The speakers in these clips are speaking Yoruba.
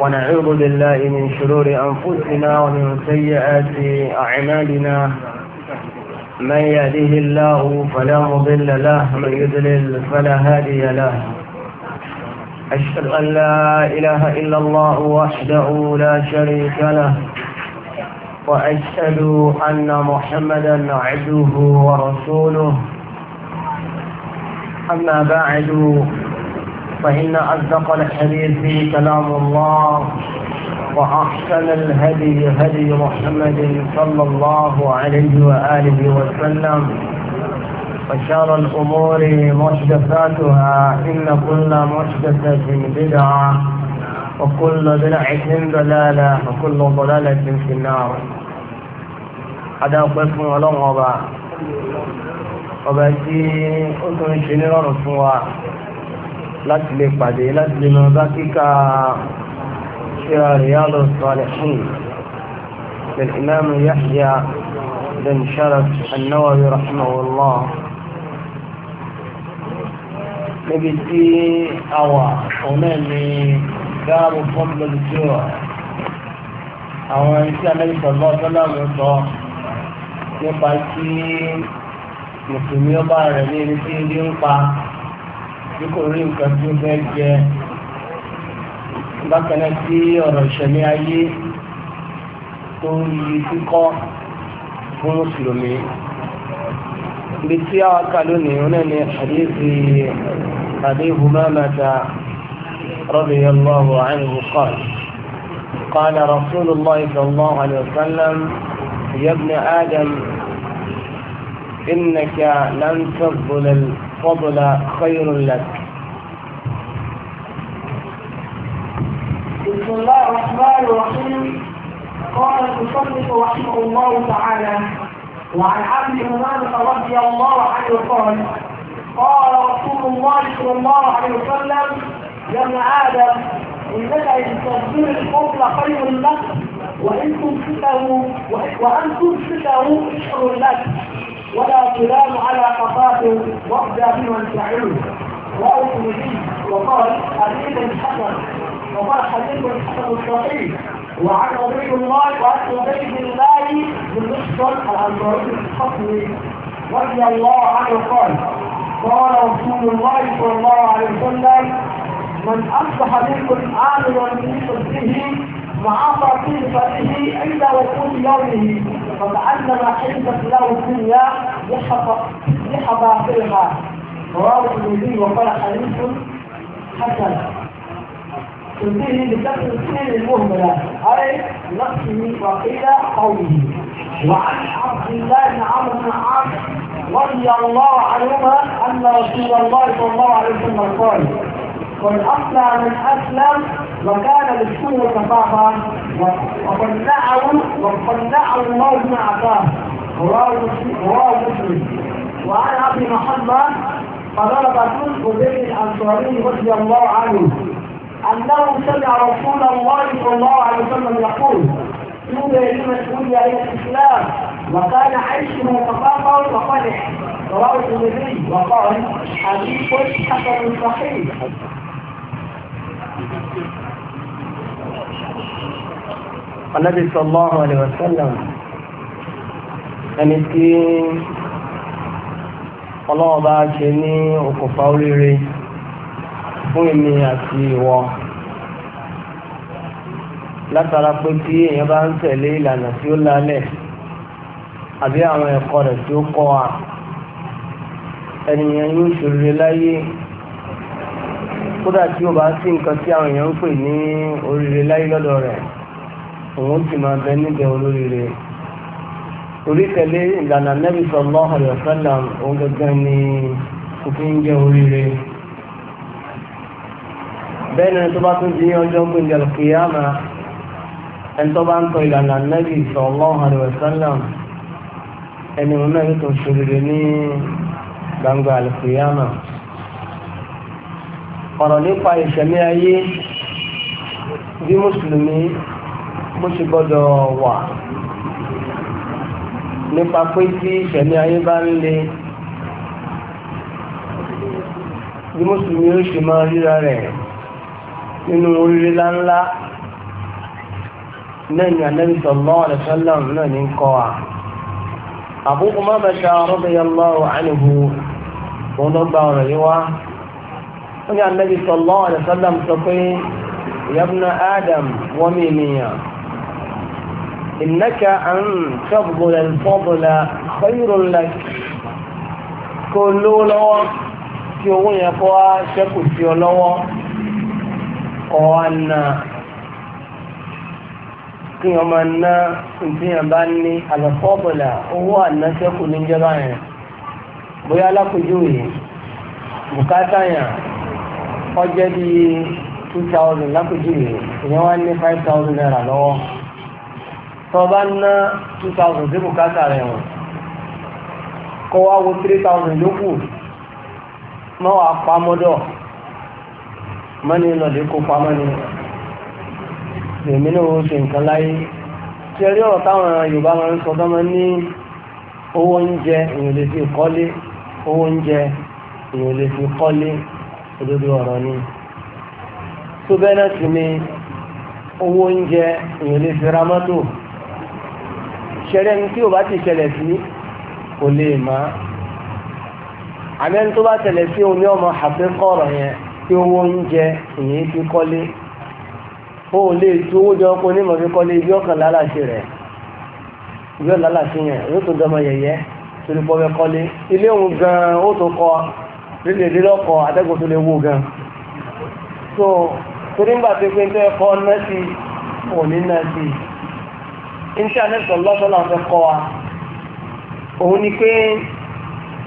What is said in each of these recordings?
ونعوذ بالله من شرور أنفسنا ومن سيئات أعمالنا من يهده الله فلا مضل له من يضلل فلا هادي له أشهد أن لا إله إلا الله وحده لا شريك له وأشهد أن محمدا عبده ورسوله أما بعد فإن أصدق الحديث كلام الله وأحسن الهدي هدي محمد صلى الله عليه وآله وسلم وشار الأمور محدثاتها إن كل محدثة بدعة وكل بدعة ضلالة وكل ضلالة في النار هذا قسم ولغبا وبأتي أنتم الشنيران الصوار láti lè pàdé láti lè máa bá kíkà ṣíra Riyadu Salihin lil Imam Yahya bin Sharaf an-Nawawi rahimahullah níbi tí a wà òun náà ni dáàbò fọ́nbọ̀lù tí ó àwọn iṣẹ́ amẹ́ríkà lọ́sọ́ náà ló sọ nípa tí mùsùlùmí ọba rẹ̀ ní ibi tí ń pa bí kò rí nǹkan tí ó fẹ́ jẹ bákan náà tí ọ̀rọ̀ ìṣẹ̀lẹ̀ ayé tó ń yí kíkọ́ fún mùsùlùmí ibi tí a wá kà lónìí wọn ní àdéhùn àdéhùn mọ́mọ́ta رضي الله عنه قال قال رسول الله صلى الله عليه وسلم يا ابن آدم إنك لن تفضل الفضل خير لك بسم الله الرحمن الرحيم قال المصنف رحمه الله تعالى وعن عبد هريره رضي الله عنه قال قال رسول الله صلى الله عليه وسلم يا ابن ادم انك ان تصبر الفضل خير لك وان تمسكه وان تمسكه اشهر لك ولا كلام على قفاه وقد بمن تعود رواه الترمذي وقال حديث حسن وقال حديث حسن صحيح وعن عبيد الله وعن عبيد الله بن عن العنبري الحصري رضي الله عنه قال قال رسول الله صلى الله عليه وسلم من اصبح منكم امنا في صدره وعصى في فته عند وقود يومه فتعلم عزة له الدنيا لحظاتها رواه الترمذي وقال حديث حسن تنتهي بكسر السين المهملة أي نفسه وقيل قوله وعن عبد الله بن عمرو بن عاص رضي الله عنهما أن رسول الله صلى الله عليه وسلم قال ومن أصلى من أسلم وكان للسوء كفافا وقد نعوا الله بما أعطاه رواه مسلم وعن أبي محمد فضرب كل بن الأنصاري رضي الله عنه أنه سمع رسول الله صلى الله عليه وسلم يقول توبى لمن ولي إلى الإسلام وكان عيشه كفافا وقنح رواه الترمذي وقال حديث حسن صحيح anábì sallallahu alaihi wasallam ẹni tí ọlọ́wọ́ bá ṣe ní okùnfà oríire fún èmi àti ìwọ látara pé tí èèyàn bá ń tẹ̀lé ìlànà tí ó lálẹ̀ àbí àwọn ẹ̀kọ́ rẹ̀ tí ó kọ́ wa ẹnìyàn yóò láyé kódà tí ó bá sí nǹkan tí àwọn èèyàn ń pè ní oríire láyé lọ́dọ̀ rẹ̀ òun ti máa bẹ níbẹ̀ olóríire orí ìlànà Nabi sallallahu alaihi wasallam òun gẹ́gẹ́ ni kò fi ń jẹ́ oríire bẹ́ẹ̀ ni tó bá tún di ní ọjọ́ gbẹ̀ngàn kìyàmà ẹni tó bá ń tọ ìlànà Nabi sallallahu alaihi wasallam ẹni òun náà yóò tó ṣe oríire ní gbangba àlùkìyàmà ọ̀rọ̀ nípa ìṣẹ̀mí ayé bí mùsùlùmí bó ṣe gbọ́dọ̀ wà nípa pé tí ìṣẹ̀mí ayé bá ń le bí mùsùlùmí ó ṣe máa ríra rẹ̀ nínú oríire láńlá náà ni Ànábì sallallahu alaihi wasallam náà ní kọ́ wa Abu Umama radiyallahu anhu òun ló gba ọ̀rọ̀ yìí wá ó ní Ànábì sallallahu alaihi wasallam sọ pé ya ibna Adam wọ́n mi nìyàn innaka an tabdula al-fadla khayrun lak kó lówó lọ́wọ́ tí owó yẹn kọ́ wá ṣẹ́kù sí ọ lọ́wọ́ ọ̀ọ́nà kí wọ́n máa ná ìpínyàn ní àlọ́fọ́bọ̀là owó ànáṣẹ́kù ní jọba yẹn bóyá alákòjú yìí bùkátà yẹn ọjọ́ bí two thousand lápèjìlè ìyẹn wá ní five thousand naira lọ́wọ́ tó o bá ná two thousand sí bùkátà rẹ̀ wọ̀n kó wá wo three thousand yókù mọ́ wàá pamọ́dọ̀ mọ́ni lọ́dẹ̀ kó pamọ́ ni èmi náà ó ṣe nǹkan láyé tí ẹ rí ọ̀rọ̀ táwọn Yorùbá máa ń sọ tó máa ń ní owó oúnjẹ èèyàn fi kọ́lé owó oúnjẹ èèyàn fi kọ́lé òdodo ọ̀rọ̀ ni tó bẹ́ẹ̀ náà sì ni owó oúnjẹ èèyàn lè fi ra ṣẹlẹ̀ ní tí o bá ti ṣẹlẹ̀ sí kò lè má àmẹ́ni tó bá ṣẹlẹ̀ sí òun ní ọmọ àfikọ́ ọ̀rọ̀ yẹn tí owó oúnjẹ èèyàn fi kọ́lé o ò lè tu owó jọ kó onímọ̀ fi kọ́lé ibi ọkàn lálàṣẹ rẹ̀ ibi ọ̀làlàṣẹ yẹn yóò tó dọmọ yẹ̀yẹ́ torí pọ́ fẹ́ kọ́lé ilé òun gan-an ó tó kọ́ ọ lílè dé lọ́kọ̀ atẹ́gùn tó lè wó gan so torí ń gbà pé pé tó ẹkọ nẹ́ẹ̀sì ò ní nẹ́ẹ̀sì iṣẹ́ anẹ́sọ̀ lọ́sọ̀lá fẹ́ kọ́ wa òun ni pé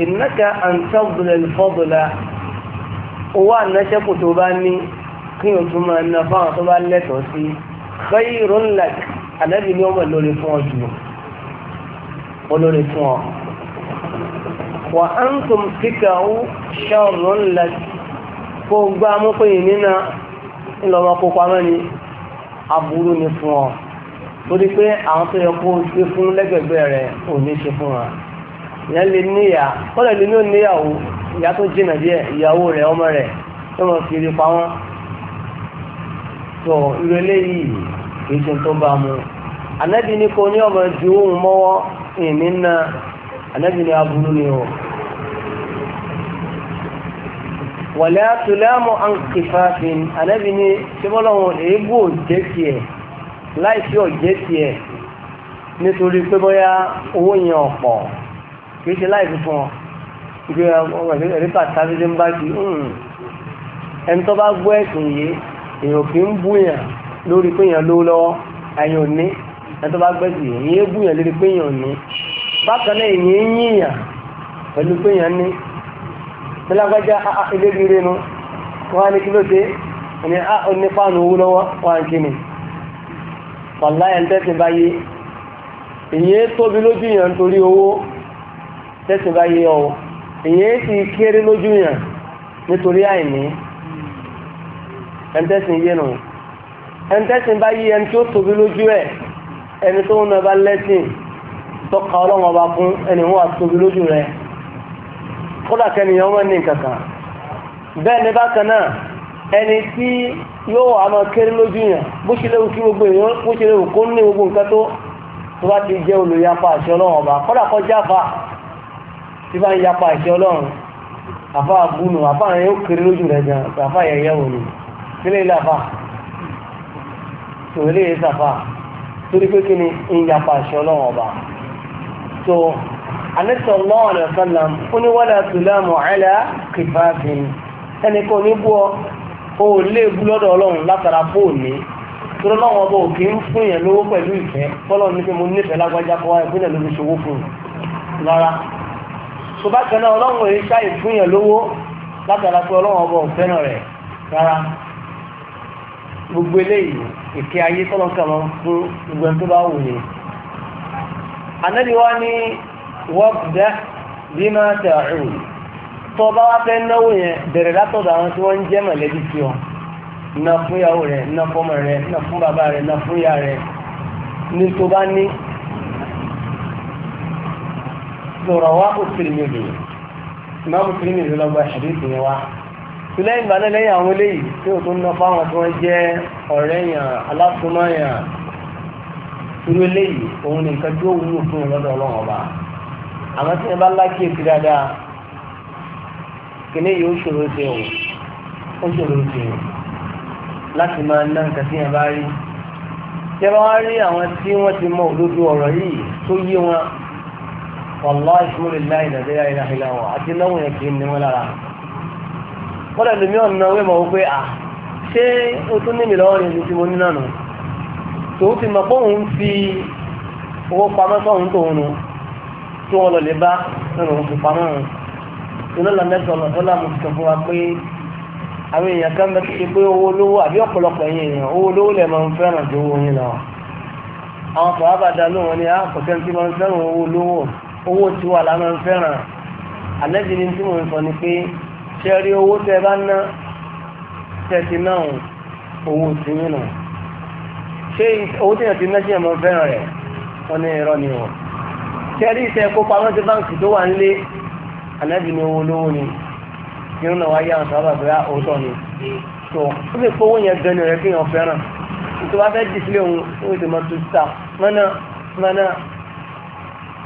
ìnáka àǹtọ́bùlẹ̀ fọ́bùlà owó ànáṣẹ́kù tó bá ní kí o tún máa na fáwọn tó bá lẹ́tọ̀ọ́ sí khayrun lak ànábì ni wọ́n mọ̀ lórí fún ọ jù ọ lórí fún ọ wà á ń tún síkà ó ṣàrùn ńlá kó gbá mú pé nínà ńlọmọ kó pamọ́ ni aburú ni fún ọ torí pé àwọn tó yẹ kó gbé fún lẹ́gbẹ̀gbẹ́ rẹ̀ ò ní ṣe fún wa ìyá lè níyà kọ́lẹ̀ lè ní níyàwó ìyá tó jìnà díẹ̀ ìyàwó rẹ̀ ọmọ rẹ̀ tó mọ̀ fi rí pamọ́ tó irú eléyìí kì í ṣe tó bá mu ànábì ní kò ní ọmọ ju ohun mọ́wọ́ ìnínà ànábì ní aburú ni o wàlẹ́ àtúlẹ́mọ̀ ànkìfàfin ànábì ní tíbọ́lọ́wọ́ èébù òjẹ́ tiẹ̀ láìsí òjẹ́ tiẹ̀ nítorí pé bóyá owó yẹn ọ̀pọ̀ kìí ṣe láìsí fún ọ ìgbé ẹ̀rí pàtàkì ń bá ti ẹni tó bá gbọ́ ẹ̀sùn yìí èèyàn kì ń búyàn lórí pé èèyàn lówó lọ́wọ́ ẹ̀yàn ò ẹni tó bá gbẹ́sì yìí èèyàn búyàn lórí pé èèyàn ò bákan náà èyí ń yíyàn pẹ̀lú pé yàn ní bílágbájá ah, ah, ilébìrì nu wọ́n á ní kí ló dé ní á ah, ní fáànù owó lọ́wọ́ wọ́n á ń kíni pàlá ẹ̀ ń tẹ́sìn báyé èyí tóbi lójú yàn torí owó tẹ́sìn báyé ọ̀ èyí sì kéré lójú yàn nítorí àìní ẹ̀ ń tẹ́sìn yé nù ẹ̀ ń tẹ́sìn báyé ẹni tó tóbi lójú ẹ̀ ẹni tó ń nọ bá lẹ́sìn tọ́ka ọlọ́wọ́n ọba fún ẹni wọ́n àtúnbí lójú rẹ̀ kódà kẹ́niyàn wọ́n ní kankan bẹ́ẹ̀ ni bákan náà ẹni tí yóò wà máa kéré lójú yàn bó ṣe léwu kí gbogbo èèyàn bó ṣe léwu kó ní gbogbo nǹkan tó tó bá ti jẹ́ olùyapa àṣẹ ọlọ́run ọba kódà kọ́ jáfa tí bá ń yapa àṣẹ ọlọ́run àfa àbúnú àfa àwọn yóò kéré lójú rẹ̀ gan àfa yẹ̀yẹ́ wò ni sílẹ̀ ilé àfa tòun ilé sàfà torí pé kí ni ń yapa àṣẹ ọlọ́run ọba so anẹ́sọ̀ lọ́wọ́ ọ̀nà sọ́nà ó ní wọ́n láti láàmù àìlà kìfàáfin ẹni kò ní bú ọ o lè bú lọ́dọ̀ ọlọ́run látara fóònù tọ́lọ́ lọ́wọ́ ọba òkè ń fún yẹn lówó pẹ̀lú ìfẹ́ tọ́lọ́ ní pé mo nífẹ̀ẹ́ lágbájá kọ́ wáyé fún yẹn lórí ṣòwò fún un rárá tó bá kẹ́nà ọlọ́run èyí ṣáì fún yẹn lówó látara pé ọlọ́run ọba òfẹ́ràn rẹ̀ rárá gbogbo eléyìí ìkẹ́ ayé tọ́lọ́ fún gbogbo ẹni tó bá wù yẹn ànábì wá bima ta'ul. bí máa tẹ̀rù tó bá wá fẹ́ náwó yẹn bẹ̀rẹ̀ látọ̀dọ̀ àwọn tí wọ́n ń jẹ́ mọ̀lẹ́bí sí ọ na fún ìyàwó rẹ̀ na fọmọ rẹ̀ na fún bàbá rẹ̀ na fún ìyá rẹ̀ ní tó bá ní sọ̀rọ̀ wá ó sì mi bì máa mú sí mi lọ gba ṣàdéṣì yẹn wá tùlẹ́yìn ìgbà náà lẹ́yìn àwọn eléyìí tí ó tún ná fáwọn tí wọ́n jẹ́ ọ̀rẹ́yàn alásùnmáyàn irú eléyìí òun ni nǹkan tí ó wúlò fún ìrọ́dọ̀ ọlọ́run ọba àmọ́ tí ẹ bá lákìyèsí dáadáa kìnìún yìí ó ṣòro ṣe o ó ṣòro ṣe o láti máa ná nǹkan tí ẹ bá rí tí ẹ bá wá rí àwọn tí wọ́n ti mọ òdodo ọ̀rọ̀ yìí tó yé wọn wàllá ìṣúlẹ̀ láì nàìjíríà ìlà ìlà wọn àti náwó yẹn kì í ní wọn lára kọ́lẹ̀ lómi ọ̀nà wẹ́mọ̀ wọ́pẹ́ à ṣé o tún ní mi lọ́wọ́ tòun ti mọ̀ pé òun fi owó pamọ́ sọ́run tóun nù tí wọ́n lọ lè bá nínú òun fi pamọ́ òun ìlọ́lá mẹ́tọ́ ọ̀nà tó láàmú tuntun fún wa pé àwọn èèyàn kan bẹ́ẹ̀ ṣe pé owó olówó àbí ọ̀pọ̀lọpọ̀ ẹ̀yìn èèyàn owó olówó lẹ̀ máa ń fẹ́ràn ju owó yín lọ àwọn ah, kò ábàdà lóhun ni àkọ́kẹ́ tí máa ń fẹ́ràn owó olówó owó tí wà lá máa ń fẹ́ràn àlẹ́bí ni tí mò ń sọ ni pé ṣe rí owó tẹ bá ná tẹ ti náà owó tí yín náà ṣé owó tí èèyàn ti náà ṣe ẹ̀mọ fẹ́ràn rẹ̀ wọ́n ní irọ́ ni wọ́n. kẹrí iṣẹ́ kópa rántí báǹkì tó wà nílé ànábì ni owó lówó ni irun náà wáyé àwọn sábà bóyá òótọ́ ni. tó ó lè fowó yẹn gan ni rẹ̀ kí èèyàn fẹ́ràn tó bá fẹ́ dìsílé òun ó ti mọ tó ta mọ́nà mọ́nà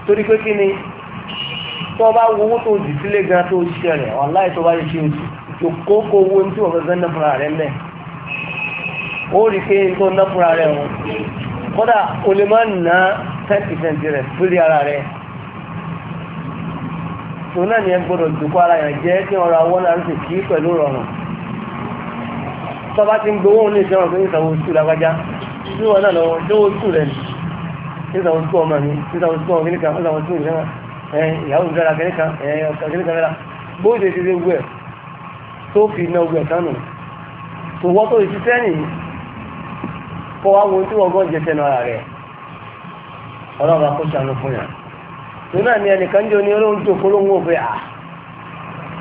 torí pé kí ni tó bá wowó tó dìsílé gan tó ṣiṣẹ́ rẹ̀ wàláì tó bá ṣe oṣù tó kókó owó ní tí wọ́n fẹ́ fẹ́ náà fúnra rẹ̀ mẹ́ẹ̀ ó rí pé n tó ná fúnra rẹ̀ wọn kódà o lè má ná ten percent rẹ̀ lórí ara rẹ̀ tòun náà ni ẹ gbọ́dọ̀ dùkọ́ ara yẹn jẹ́ kí ọ̀rọ̀ àwọn náà ń sì kí pẹ̀lú rọrùn tọ́ba ti ń gbowó ní ìṣẹ́wọ̀n pé ìṣàwọ̀ oṣù làwájá tí wọ́n náà lọ́wọ́ tó oṣù rẹ̀ ní ìṣàwọ̀ oṣù ọmọ mi ìṣàwọ̀ oṣù ọmọ kìnìkan ìṣàwọ̀ oṣù ìṣẹ́wọ̀n ìyàwó ìgbára kìnìkan ọ̀kà kìnìkan mẹ́ra bóyá ti ṣe gbogbo tó fi iná gbogbo ẹ̀ tòwọ́ tó ti sẹ́yìn kọ́ wá wọn tí wọ́n gán jẹ sẹ́nu ara rẹ̀ ọlọ́ba kó sànú fún yàn tòun náà ni ẹnìkan jẹ́ oníolóhùn tó polówó pé à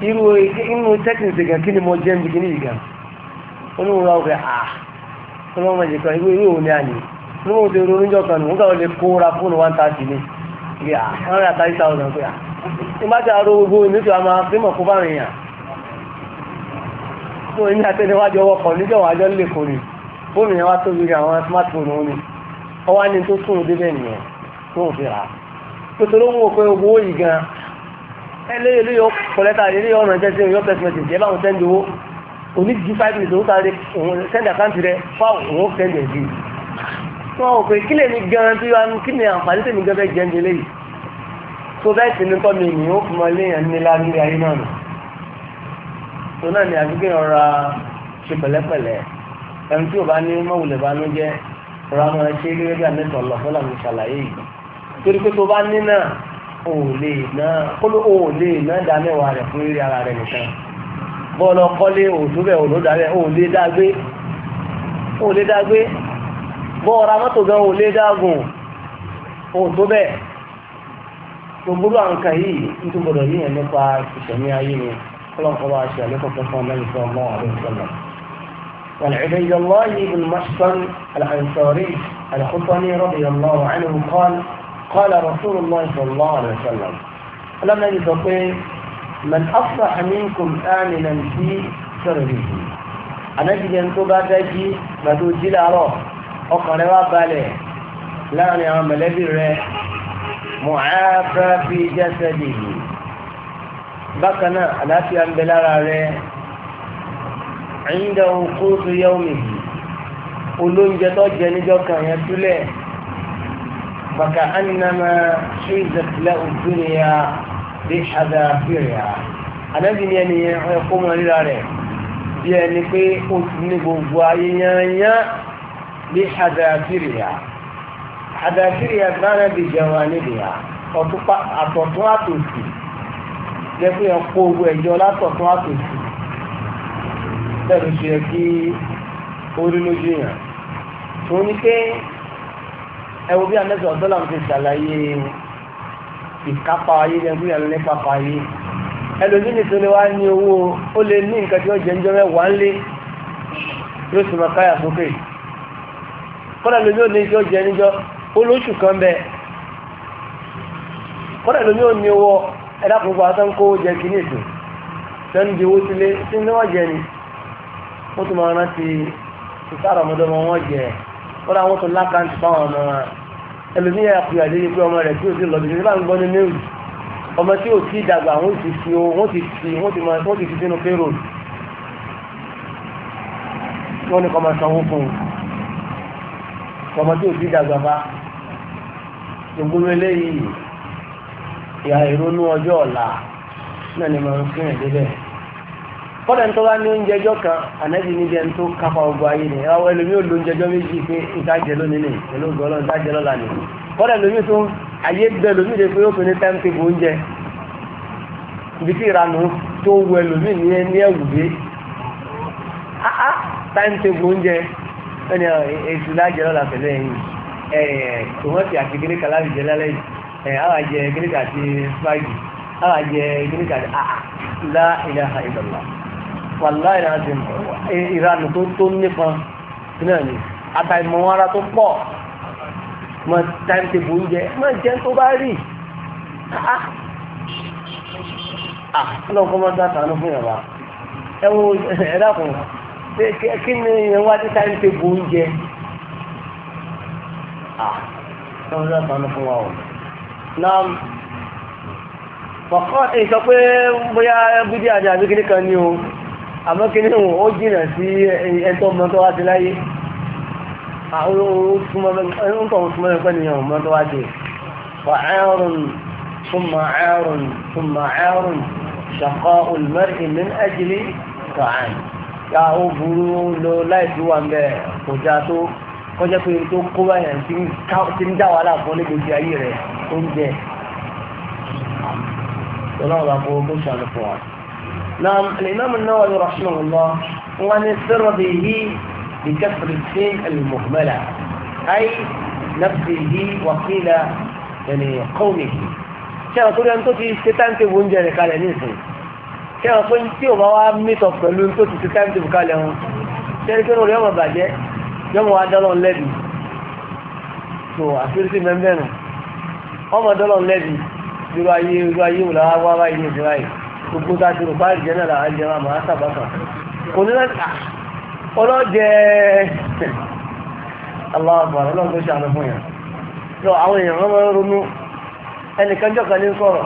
irú inú tẹ́kìnsì gan kí ni mo jẹ́ níbi níbi gan olóhùn wa pé à ọlọ́mọ jẹ kan irú irú òun ni a nì tó ronú jọ kan nù nígbà wọlé kóra fóònù one thirty ni pé à one hundred and thirty pé à ìmá ti àrò gbogbo ìmítò a máa fímọ̀ kó bá rìn yàn tó ní àtẹniwájú ọwọ́ kan níjọ́ wájọ́ lè kórìí fóònù yẹn wá tóbi rí àwọn smartphone wọn ni ọwọ́ ni tó tún débẹ̀ nìyẹn tó ń fi rà á nítorí wọn kò owó yìí gan ẹlẹ́yìn ló yọ kọlẹ́tà ẹlẹ́yìn ọ̀nà jẹ́ sí yọ text message ẹ bá wọn sẹ́ndì owó òní ju five minutes owó sáré òun sẹ́ndì àkáǹtì rẹ fáwọn òun sẹ́ndì ẹ̀ bíi wọn ò pé kí gan tó yọ kí ni àǹfààní tèmi gan bẹ́ẹ̀ jẹ́ ní eléyìí tó bẹ́ẹ̀ sì ní tọ́ mi ó fi mọ léèyàn yẹn ẹni tí o bá ní mọ̀wùlẹ̀ banújẹ́ rọra máa ṣe gẹ́gẹ́ bí anẹ́tọ̀ ọ̀lọ́ fún làwọn ìṣàlàyé yìí torí pé tó bá ní náà o lè ná kóló o lè ná dá mẹ́wàá rẹ̀ fún rírí ara rẹ̀ nìkan bọ́ọ̀lù ọkọ́lé òtúbẹ̀ òlódàrẹ̀ o lè dágbé o lè dágbé bọ́ọ̀ra mọ́tò gan o lè dágùn òtúbẹ̀ gbogbo àǹkà yìí nítorí gbọdọ̀ yíyan nípa ìṣẹ̀mí ayé ni kọ́lọ́nkọ́lọ́ aṣọ àlékọ̀ọ́ fún ọmọ ìṣọ́ ọmọ àwọn ìṣọ́lọ́ وعن عبيد الله بن محصن الأنصاري الخطني رضي الله عنه قال قال رسول الله صلى الله عليه وسلم لما يتقي من أصبح منكم آمنا في سره أنا جدي أن تبادجي ما توجد أروح أقرأ بالي لا أنا عمل معافى في جسده بكنا أنا في أنبلار عليه ẹ̀yìndà òkú tó yẹ omi yìí olóúnjẹ tó jẹ níjọ́ kan yẹn túlẹ̀ bàkà ánìnàmà ṣé ìzẹ̀tìlẹ̀ òdúnìyà bí ṣàdá fìrìà ànábì ni ẹni yẹn ẹ kó wọn ríra rẹ̀ bí ẹni pé ó ti ní gbogbo ayé yányá bí ṣàdá fìrìà ṣàdá fìrìà gbára bí jẹun àníbìyà àtọ̀tún àtòsì jẹ́ pé ẹ kó ẹ̀jọ́ látọ̀tún àtòsì bẹ́ẹ̀ ló ṣe yẹ kí ó rí lójú èèyàn tó ní pé ẹ wo bí anẹ́sọ̀ ọ̀dọ́là ń fi ṣàlàyé ìkápá ayé ní ẹgbẹ́ ìyàlẹ́ pápá ayé ẹlòmíì tó lè wá ní owó ó lè ní nǹkan tí ó jẹ́ ń jẹ́ mẹ́wàá ń lé yóò sì máa káyà sókè kọ́dà lómi ò ní ìjọ jẹ níjọ olóṣù kan bẹ kọ́dà lómi ò ní owó ẹ̀dá púpọ̀ àtàkùn kó kí ní ètò sẹ́nu di owó sílé sí ní wọ́n jẹ ni wọ́n tún máa rántí ìsára ọmọdé ọmọ wọn jẹ wọ́n láwọn tún lákàntì fáwọn ọmọ wọn ẹlòmíyà àpòyà lé pé ọmọ rẹ̀ tí ò sí lọ bìbí bá ń gbọ́ ní mẹ́rù ọmọ tí ò sí dàgbà wọ́n ti fi wọ́n ti fi wọ́n ti máa wọ́n ti fi sínú payroll wọ́n ní kọ́ máa sanwó fún un ọmọ tí ò sí dàgbà bá gbogbo eléyìí ìhà ìrònú ọjọ́ ọ̀la náà ni mo ń fi hàn débẹ̀ kọ́dà tó bá ní oúnjẹ ẹjọ́ kan ànábì níbi ẹni tó kápá ogun ayé ni ẹwà ẹlòmí ò lóúnjẹ ẹjọ́ méjì pé ìdájẹ́ lónìí ni pẹ̀lú ògùn ọlọ́run ìdájẹ́ lọ́la ni kọ́dà lómi tó ayé gbẹ lómi lè pé ó fi ní time table oúnjẹ ibi tí ìranù tó wù ẹlòmí ní ẹni ẹwù dé áá time table oúnjẹ ẹni ah, èsì ìdájẹ́ lọ́la pẹ̀lú ẹ̀yìn ẹ̀ tòmọ́tì àti gíríkà láti jẹ lálẹ́ yìí ẹ̀ àwàjẹ gíríkà gíríkà ah, wàláì láti e, ìranù tó tó nípọn náà ni àtàìmọ̀ ara tó pọ̀ mọ táìmùtébù oúnjẹ mọ jẹ́ tó bá rí ah, ah, lọ́kọ́ mọ́ dáadáa fún ìyàwó ẹwọ ẹ̀dàkùn kí ni ìwà tí táìmùtébù oúnjẹ ah, lọ́kọ́ dáadáa fún wa ọ̀ náà fọ̀kọ́ ìsọ pé bóyá bídí àjẹ́ àbíkiri kan ní o àmọ́ kí ní òun ó jìnà sí ẹ̀tọ́ ọmọ tó wá ti láyé àwọn súnmọ́ tó wá ti fa ààrùn ثم عار ثم عار شقاء المرء من أجل طعام ya ó burú lọ láìsí wà mẹ́ kọjá tó kọjá pé tó kó báyàn tí ń dá wà láàbọ̀ ní نعم الإمام النووي رحمه الله وأن سر به بكسر السين المهملة أي نفسه وقيل يعني قومه كان تقول أن تجي ستان تبون جاني قال نيسي كان تقول أنت وبوا ميت أفضل أن تجي ستان تبون قال لهم كان يقول اليوم بعد يوم وعدلون لبي تو أفير في ممدنه ọmọ dọ́lọ̀ lẹ́bi irú ayé irú ayé wùlá wá báyìí gbogbo tá a ti rò bá ìjẹ́ náà làá jẹ́ máa sábà kan kò ní láti ọlọ́jẹ́ aláàbà ọlọ́run tó ṣàánú fún yàn lọ àwọn èèyàn wọn máa ń ronú ẹnìkan jọ̀kan ní sọ̀rọ̀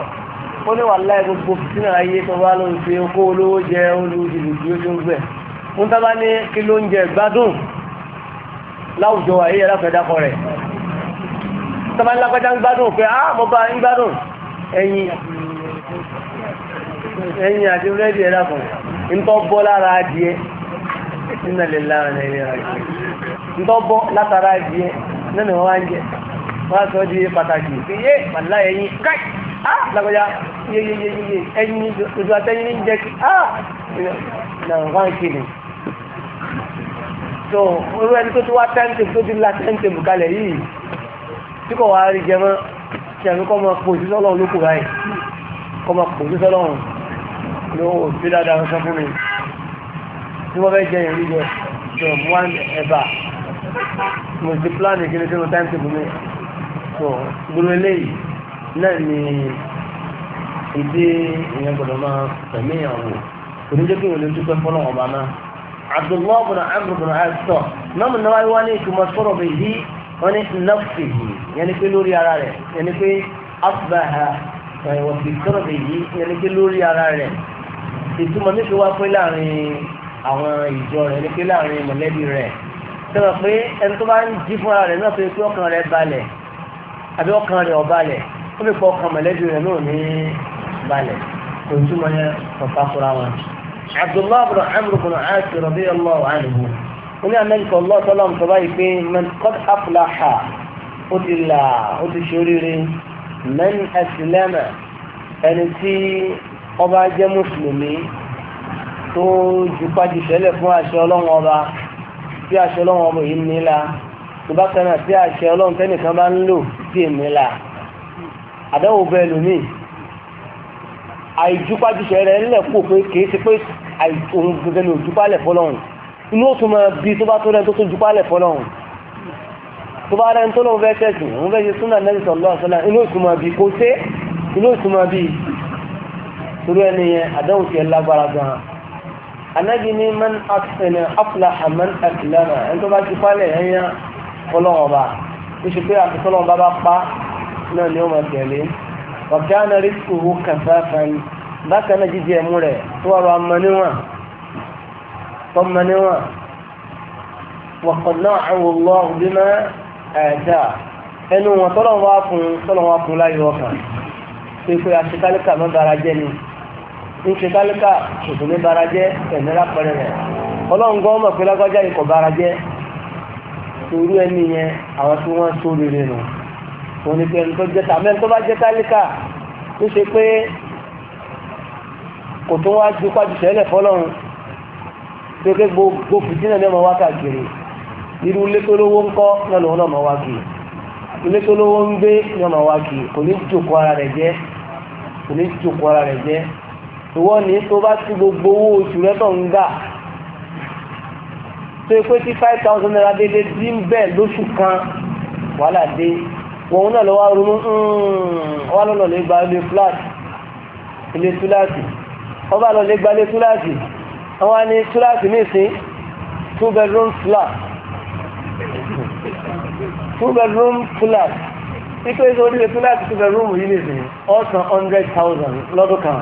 ó ní wàláhì gbogbo sínú ayé tó bá ló ń ṣe kó olówó jẹ olùdìbò tí ó ṣe ń gbẹ ń tábà ní kí ló ń jẹ gbádùn láwùjọ ayé aláfẹ́dàkọ rẹ̀ tábà ní lápẹ́dá ń gbádùn pé á ah, mo bá ń gbádùn ẹ̀yìn ẹ̀yìn àti búrẹ́dì ẹ̀dá kan ntọ́ bọ́ lára adìẹ nínú ẹ̀lẹ́ lára ẹ̀yìn rẹ̀ ntọ́ bọ́ látara adìẹ nínú wọn á ń jẹ wọn á sọ di pàtàkì yé pàlá ẹ̀yìn káì á lágbàjá yeyeyeye ẹ̀yìn ojú àtẹ̀yìn ń jẹ kí á náà wọn á kéde tó olú ẹni tó ti wá tẹ́ǹtẹ̀bù tó ti la tẹ́ǹtẹ̀bù kalẹ̀ yìí tí kò wá rí jẹ mọ́ kí ẹ̀mí kọ́ máa pòjú sọ́lọ́run lókùnrin kọ́ máa pòjú sọ́lọ́run ló sí dáadáa sọ fún mi tí wọ́n fẹ́ jẹ ìrí jẹ so one ẹ̀bà mo ti plan ìkíni sínú time table mi so gbogbo eléyìí náà ni ìdí ìyẹn gbọdọ̀ máa tẹ̀mí ìyàwó oníjẹ́ kí wọ́n lè dúpẹ́ fọ́nà ọba náà abdullahi bin amr bin asọ náà mo náwó wá ní ìtumọ̀ sọ̀rọ̀ bẹ̀ yìí wọ́n ní nọ́ọ̀sì yìí yẹn ni pé lórí ara rẹ̀ yẹn ni pé asbaha wọ́n ti sọ̀rọ̀ bẹ̀ yìí yẹn ni pé lórí ara rẹ̀ ìtumọ̀ mi fi wá pé láàrin àwọn ìjọ rẹ̀ ní pé láàrin mọ̀lẹ́bí rẹ̀ sọ̀rọ̀ pé ẹni tó bá ń jí fúnra rẹ̀ náà pé pé ọkàn rẹ̀ balẹ̀ àbí ọkàn rẹ̀ ọ̀balẹ̀ ó lè pọ ọkàn mọ̀lẹ́bí rẹ̀ náà ní balẹ̀ kò túmọ̀ yẹn kọ̀ọ̀kan fúnra wọn. Abdullah bin Amr bin As radiyallahu anhu oní amẹ́ríkà ọlọ́tọ́lá ń sọ́bá yìí pé man qad aflaha ó ti là ó ti ṣoríire man aslama ẹni tí ọba jẹ́ mùsùlùmí tó jùpájì tẹ́lẹ̀ fún àṣẹ ọlọ́run ọba tí àṣẹ ọlọ́run ọba yìí nílá tó bá kan náà tí àṣẹ ọlọ́run tẹ́nìkan bá ń lò sí ìmílà àdáwò bẹ́ẹ̀ lómi àìjùpájì tẹ́lẹ̀ ńlẹ̀ kú pé kìí ṣe pé òun gẹ́gẹ́ ni òjùpálẹ̀ fọlọ́run inú ó tún máa bí tó bá tó rẹ̀ tó tó jùpálẹ̀ fọlọ́run tó bá rẹ̀ tó lọ́wọ́ fẹ́ tẹ̀sùn òun fẹ́ ṣe súnà nẹ́sì sọ̀lọ́ torí ẹni yẹn àdáwò tiẹ̀ lágbára gan-an anabi ni man ẹni aflaha man akilana ẹni tó bá ti falẹ̀ ẹ̀yìn yẹn fọlọ́wọ́n ba ó ṣe pé àtúntọ́lọ́wọ́n bá bá pa náà ni ó máa tẹ̀lé ọ̀kẹ́ anarí kòwò kàfáfán bákan náà jíjẹ ẹ̀mú rẹ̀ tó wà lọ amaniwa tó maniwa wàkọ̀nà àwọn olóòwò bí má ẹ̀dá ẹnu wọn tọ́lọ́wọ́n fún tọ́lọ́wọ́n fún láyé ọkàn pé pé àṣekálẹ́kà náà dára jẹ́ ni ń ṣe tálíkà òṣèlú bara jẹ́ ẹ̀mẹ́rà pẹ̀rẹ̀ rẹ̀ ọlọ́run gan mọ̀ pé lágbájá ikọ̀ bara jẹ́ torí ẹni yẹn àwọn tí wọ́n tó rere nù wọn ni pé ẹni tó jẹ́ tàbí ẹni tó bá jẹ́ tálíkà ń ṣe pé kò tó wá ju pàjù sẹ́lẹ̀ fọlọ́run tó ké gbogbo fìdí náà ní ọmọ wákàkiri irú ilé tó náà lòun náà mọ̀ wákìí ilé tó lówó ń gbé ní ọmọ wákìí kò ní jòkó ara rẹ̀ jẹ́ kò ní jòkó ara rẹ̀ jẹ́ ìwọ ní tó bá ti gbogbo owó oṣù rẹ tó ń gbà tó yẹ pé tí five thousand naira déédéé dín bẹ́ẹ̀ lóṣù kan wàhálà dé wọn náà lọ́wọ́ ronú wọ́n lọ́nà lè gba ilé fúláàtì ilé túláàtì wọ́n bá lọ lè gba ilé túláàtì wọ́n ní túláàtì nísìn two bedroom flat two bedroom flat ipò ìṣòro ilé túláàtì two bedroom yìí nísìn ọ̀sán hundred thousand lọ́dún kan.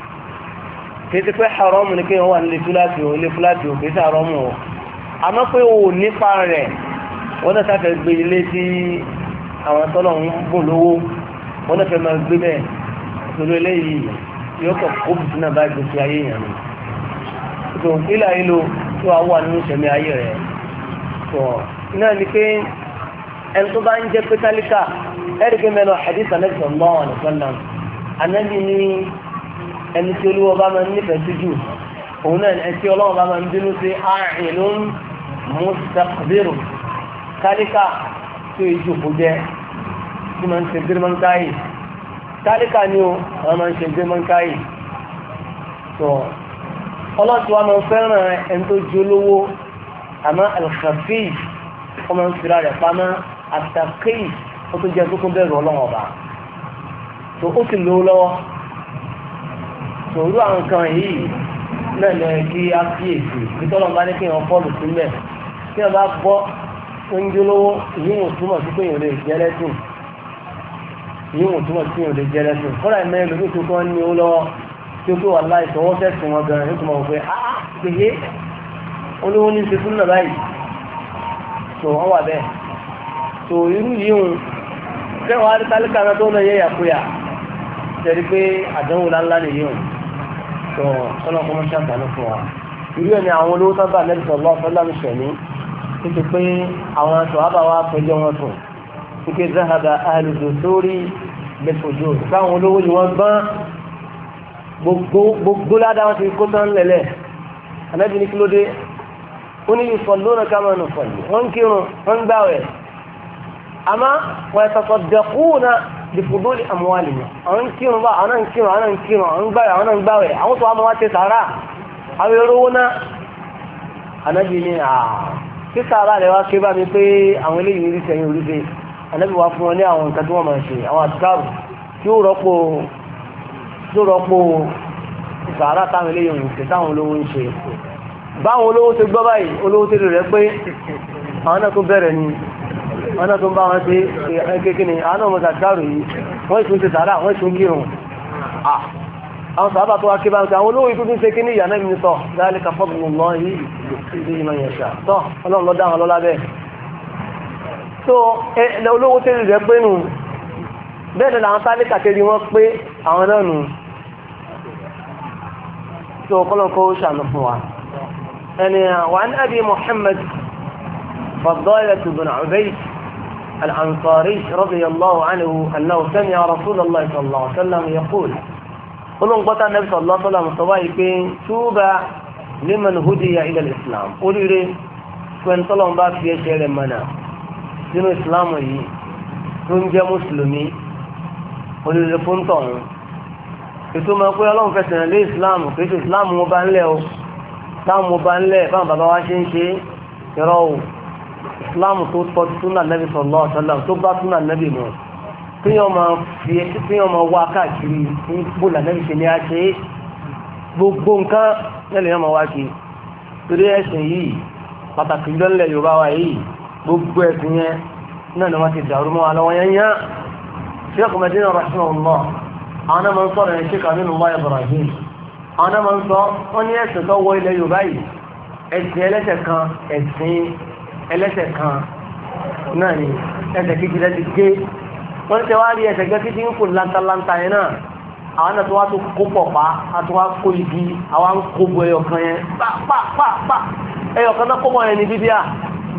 kéde pé haramu ni kéèyàn wà nílé fúláàtì ò nílé fúláàtì ò kéde haramu o àmọ́ pé o nípa rẹ̀ wọ́n náà sáfẹ́ gbé ilé tí àwọn tọ́lọ̀ ń bò lówó wọ́n náà fẹ́ máa gbé bẹ́ẹ̀ ìṣòro eléyìí yóò kọ̀ kó bùtù náà bá gbèsè ayé yẹn mi tó ilé ayé lo tó a wà nínú ìṣẹ̀mí ayé rẹ̀ tó náà ni pé ẹni tó bá ń jẹ́ pétálíkà ẹ̀rí mẹ́lọ àdìsàn ẹni tí olúwọ́ bá máa ń nífẹ̀ẹ́ sí jù òun náà ẹni tí ọlọ́wọ́ bá máa ń bínú sí àìlú mustaqbiru kálíkà tó ìjòkó jẹ́ tí máa ń ṣe girman káyì kálíkà ni ó máa ń ṣe girman káyì tó ọlọ́tí wa máa ń fẹ́ràn ẹni tó ju olówó àmọ́ alkhafi wọ́n máa ń fira rẹ̀ pamọ́ àtàkéyì ó tó jẹ́ kókó bẹ́ẹ̀ rọ ọlọ́wọ́ bá tó ó sì lówó lọ́wọ́ sòrú àwọn nǹkan yìí náà lọ kí á kíyèsí kí tọ́lọ́ bá ní kí wọ́n fọ́ọ̀lù sílẹ̀ kí wọ́n bá bọ́ oúnjẹ́lówó ìyíwò túmọ̀ sí pé èèyàn lè jẹ́lẹ́sìn ìyíwò túmọ̀ sí pé èèyàn lè jẹ́lẹ́sìn kọ́lá ìmẹ́rin lórí tó kọ́ ní ó lọ́wọ́ tí ó pé wà láì sọwọ́ tẹ̀sìn wọn gan-an ní tùmọ̀ pé á ah, gbèyé ah, olówó ní ṣe fún nàbá yìí tó wọ́n wà bẹ́ẹ̀ tó irú yíwò kẹwàá tálíkà náà tó lọ yẹ yàkuyà tẹ̀rí pé àdánwò láńlá nìyí tó ọlọ́kọ́ mọ́ ṣàtàlẹ́ fún wa irú ẹ̀ ni àwọn olówó sábà lẹ́yìn tó lọ́ọ́ fẹ́lá mi ṣẹ̀lí tó ti pé àwọn ẹ̀tọ́ àbá wa pẹjọ́ wọn sùn wípé zahaba alùdò sórí bẹ́tòjò táwọn olówó ni wọ́n gbọ́n gbogbo ládàá wọn ti kó tán lẹ̀lẹ̀ ànábì ní kílódé ó ní ìsọ̀lónà ká máa nù sọ̀lù wọ́n ń kírun lèfòdó lè àmọ́ àlè mọ́ àwọn ń kírun bá àwọn ń kírun àwọn ń kírun àwọn ń gbàwẹ̀ àwọn ń gbàwẹ̀ àwọn tó wà mọ́ wá ṣe sàárà àwọn èrò owó náà ànábì ni ṣé sàárà rẹ̀ wá ké bá mi pé àwọn eléyìí orí sẹ́yìn orí bẹ́ẹ̀ ànábì wá fún wọn ní àwọn nǹkan tí wọ́n máa ṣe àwọn àtúkàrù tí ó rọ́pò tí ó rọ́pò sàárà táwọn eléyìí òun ṣe táwọn olówó ń ṣe báwọn olówó ṣe gbọ́ báyìí olówó ṣe rẹ̀ pé àwọn náà tó bẹ̀rẹ̀ ni wọn náà tó ń bá wọn ṣe kékeré ni àwọn ọmọ sàkárò yìí wọ́n ìtún ti sàrà wọ́n ìtún kírun àwọn sàábà tó wá kí bá ń sọ àwọn olówó ìtún ti ṣe kí ní ìyànà ìmú tọ̀ láàrín kàfọ́gùn mọ́ yìí ìdí ìmọ̀ yẹn tọ́ ọlọ́run lọ́dá àwọn lọ́lá bẹ́ẹ̀ so olówó tẹ́lẹ̀ rẹ̀ pé nù bẹ́ẹ̀ lọ́la àwọn tálíkà tẹ́lẹ̀ wọ́n so kọ́lọ́kọ́ ṣàánú fún wa ẹni wà ní àbí Muhammad الأنصاري رضي الله عنه أنه سمع رسول الله صلى الله عليه وسلم يقول قلوا قطع النبي صلى الله عليه وسلم صبايك توبى لمن هدي إلى الإسلام قولوا لي كنت لهم بقى في شيء لمنا سنو إسلامي تنجى مسلمي قولوا لي فنطون ètò máa pé ọlọ́run fẹsẹ̀ lé ìsìláàmù kìí ṣe ìsìláàmù mo bá ń lẹ̀ o táwọn mo bá islam tó tọ́ súnà nẹ́bí sallallahu alaihi wasallam tó bá súnà nẹ́bí mu kíyàn máa fi kíyàn máa wá káàkiri ní bóòlù ànẹ́bí ṣe ní a ṣe gbogbo nǹkan lẹ́lẹ̀ yẹn máa wá kí torí ẹ̀sìn yìí pàtàkì lọ́lẹ̀ yorùbá wa yìí gbogbo ẹ̀sìn yẹn náà ni wọ́n ti dàrú mọ́ wa lọ́wọ́ yẹn yẹn sheikh medina rahimahullah àwọn náà máa ń sọ̀rọ̀ àwọn náà máa ń sọ wọ́n ní ẹ̀sìn tó wọ ilẹ̀ yorùbá yìí ẹ̀sìn ẹlẹ́sẹ̀ kan ẹlẹ́sẹ̀ kan náà ni ẹsẹ̀ kejì rẹ̀ ti gé wọ́n ti wá rí ẹsẹ̀ gẹ́gẹ́ tí ń fò lantalanta yẹn náà àwọn náà tó wá tó kó pọ̀pá àti wá kó igi àwọn kó bu ẹyọ kan yẹn pàpàpàpà ẹyọ kan náà kó mọ́ yẹn ní bíbíà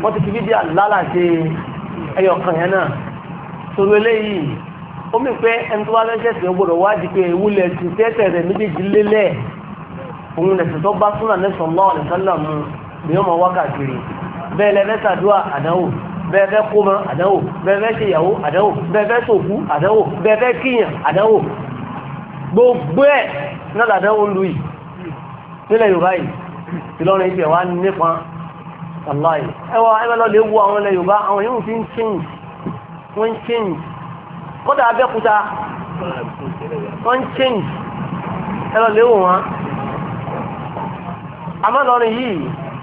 wọ́n ti fi bíbíà lálàjẹ ẹyọ kan yẹn náà sọ̀rọ̀ eléyìí ó mì pé ẹni tó wá lẹ́sẹ̀ sí ọgbọ́dọ̀ wá di pé ìwúlẹ̀ ti tẹ́tẹ̀ rẹ̀ méjèèjì lélẹ̀ òun lẹ̀sẹ̀ tó bá súnà lẹ́sọ̀ lọ́ọ̀ ni wọ́n ma wá káàkiri bẹ́ẹ̀ lẹ́fẹ́ sàdúà àdánwò bẹ́ẹ̀ fẹ́ kómọ àdánwò bẹ́ẹ̀ fẹ́ ṣèyàwó àdánwò bẹ́ẹ̀ fẹ́ sòkú àdánwò bẹ́ẹ̀ fẹ́ kíyàn àdánwò gbogbo ẹ̀ náà làdánwò ń lu yìí nílẹ̀ yorùbá yìí ìlọrin ibẹ̀ wá nípọn aláì ẹwà ẹgbẹ́ lọ lè wo àwọn ilẹ̀ yorùbá àwọn yóò fi ń change wọ́n ń change kódà abẹ́kúta wọ́n ń change ẹ lọ lè wò wọn àmọ́ yìí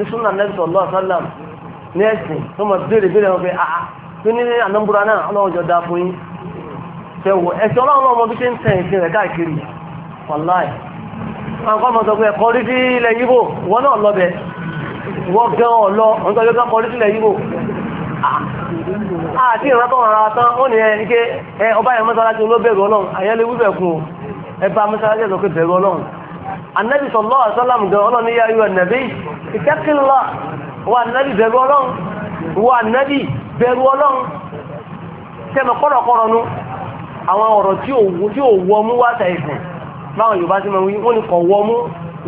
ní súnà nẹ́bí sọ̀lọ́ sálàm ní ẹ̀sìn tó mọ̀ béèrè béèrè wọn pé àá ah, tó ah, ní ànámbúra náà ọlọ́run jọ da fún yín ṣe wọ ẹ̀sìn ọlọ́run ọmọ bí ṣe ń tẹ̀ ìsìn rẹ̀ káàkiri wàláì àwọn ọmọ sọ pé ẹ̀kọ́ rí sí ilẹ̀ yíbò wọn náà lọ bẹ wọ́n gan ọ̀lọ́ wọn sọ pé ẹ̀kọ́ rí sí ilẹ̀ yíbò ah, àti ìrántọ́ ara tán ó ní ẹ ike ọba yẹn mọ́sálásí olóbẹ̀rù ọlọ́run àyẹ́lẹ́wú bẹ̀kún ẹ bá mọ́sálásí ẹ̀ sọ pé bẹ̀rù ọlọ́run anabi sọlọ asọlam gan ọlọ́ni yá yọ anabi ìkẹ́kìlá wọ anabi bẹ̀rù ọlọ́run wọ anabi bẹ̀rù ọlọ́run tẹ́mẹ̀ kọ́rọ̀kọ́rọ̀ nu àwọn ọ̀rọ̀ tí ò wọ mú wáta ẹ̀sìn báwọn yorùbá ti máa wí wọ́n ní kọ̀ wọ mú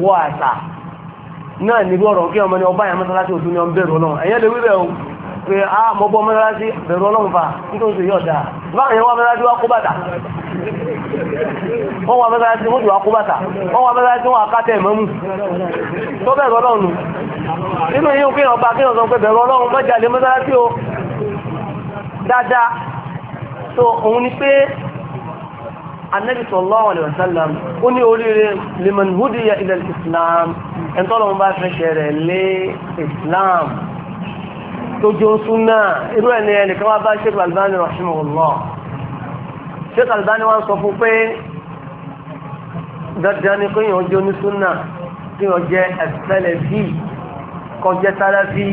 wọ àṣà náà níbi ọ̀rọ̀ kí ọmọ ní ọba yà mọ́sálásí òtún ní ọ pé a ah, mọ́ bọ́ mẹ́rẹ́lájí bẹ̀rù ọlọ́run fa nítorí oṣù yóò dáa báwọn yẹn wá mẹ́rẹ́lájí wá kó bàtà wọ́n wá mẹ́rẹ́lájí wọ́n ti wá kó bàtà wọ́n wá mẹ́rẹ́lájí wọ́n akátẹ́ ìmọ̀mù tó bẹ̀rù ọlọ́run nínú yìí ń kéèyàn bá kéèyàn sọ pé bẹ̀rù ọlọ́run mẹ́jà o dáadáa so òun ni pé النبي صلى الله عليه وسلم قني أولي لمن هدي إلى الإسلام أنت لهم tó jẹ́ súnà irú ẹ̀ ni ẹnìkan wá bá Sheikh Albani rahimahullah Sheikh Albani wá ń sọ fún pé dandan ni kéèyàn jẹ́ onísúnà kéèyàn jẹ́ as-salafi kọjá salafi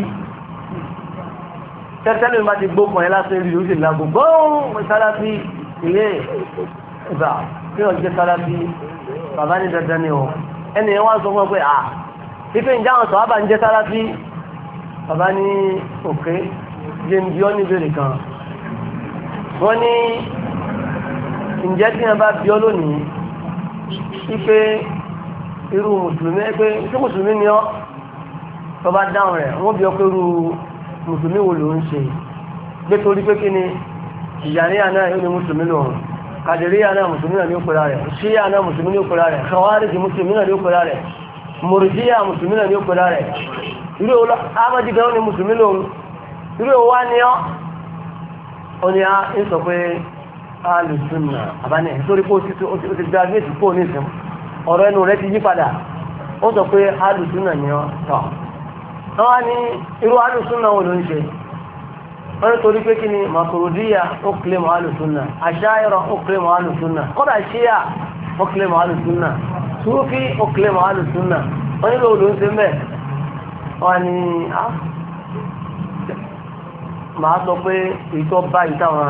tẹ́tẹ́lẹ̀ mi bá ti gbókàn yẹn lásán ìlú sì lágbo gbọ́n salafi ilé ìgbà kéèyàn jẹ́ salafi bàbá ní dandan ni ọ ẹnìyẹn wá ń sọ fún ọ pé à ife ìjáhùn sọ bàbá ní òkè jẹ́mbi ọ́ níbèrè kan wọ́n ní ǹjẹ́ tí wọ́n bá bí ọ́ lónìí wípé irú mùsùlùmí pé ṣé mùsùlùmí ni ọ́ tó bá dáhùn rẹ̀ wọ́n bí ọ́ pé irú mùsùlùmí wo ló ń ṣe gbé torí pé kí ni ìyàníyà náà yóò ní mùsùlùmí lòun kàdìríyà náà mùsùlùmí náà ní ó pera rẹ̀ ṣíyà náà mùsùlùmí ní ó pera rẹ̀ kàwárí mùsùlùmí náà ní ó pera rẹ̀ mùrùjíyà mùsùlùmí náà ní ó pera rẹ̀ irú ewu lọ amadi gan ni mùsùlùmí lòun irú ewu wa ni ọ ó ní a ń sọ pé alùsùnà àbáni nítorí pé ó ti gba gbèsè pò ní ìsìn ọ̀rọ̀ ẹnu rẹ ti yí padà ó sọ pé alùsùnà ni ọ tọ̀ wọ́n á ní irú alùsùnà wo ló ń ṣe wọ́n nítorí pé kí ni makurudíyà ó kílẹ̀ mọ́ alùsùnà àṣàyọ̀rọ̀ ó kílẹ̀ mọ́ alùsùnà kọ́dà ṣíyà ó kílẹ̀ mọ́ alùsùnà túrúfì ó kílẹ̀ mọ́ alùsùnà wọ́n nílò olóńsẹ́ mẹ́ẹ̀ wọ́n ní ah. á máa sọ pé ìtọ́ báyìí táwọn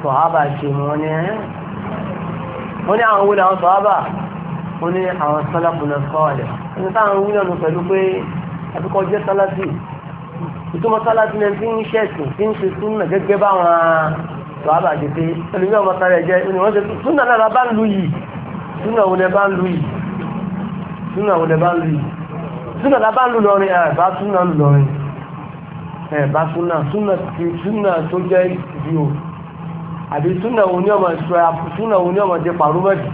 sọ̀hábà ṣe wọ́n ní ẹ́ wọ́n ní àwọn wúlò àwọn sọ̀hábà wọ́n ní àwọn sọ́lápùnà sọ́ọ̀lẹ̀ ẹni táwọn wúlò nù pẹ̀lú pé àbíkọ́ jẹ́ sálásì ìtumọ̀ sálásì náà ti ń ṣẹ̀sìn ti ń ṣe súnmọ̀ gẹ́gẹ́ báwọn sọ̀hábà ṣe pé ẹlòmí ọmọ sáré jẹ́ ni wọ́n ṣe súnmọ̀ náà bá ń lu yìí súnmọ̀ òun ẹ bá ń lu yìí súnmọ̀ òun ẹ bá ń lu yìí súnà lábá ń lù lọrin ẹ̀bá súnà lù lọrin ẹ̀bá súnà súnà ti súnà tó jẹ́ ìdí o àbí súnà wo ní ọmọ ìṣọ́ súnà wo ní ọmọ jẹ pàrọ́mọ́dì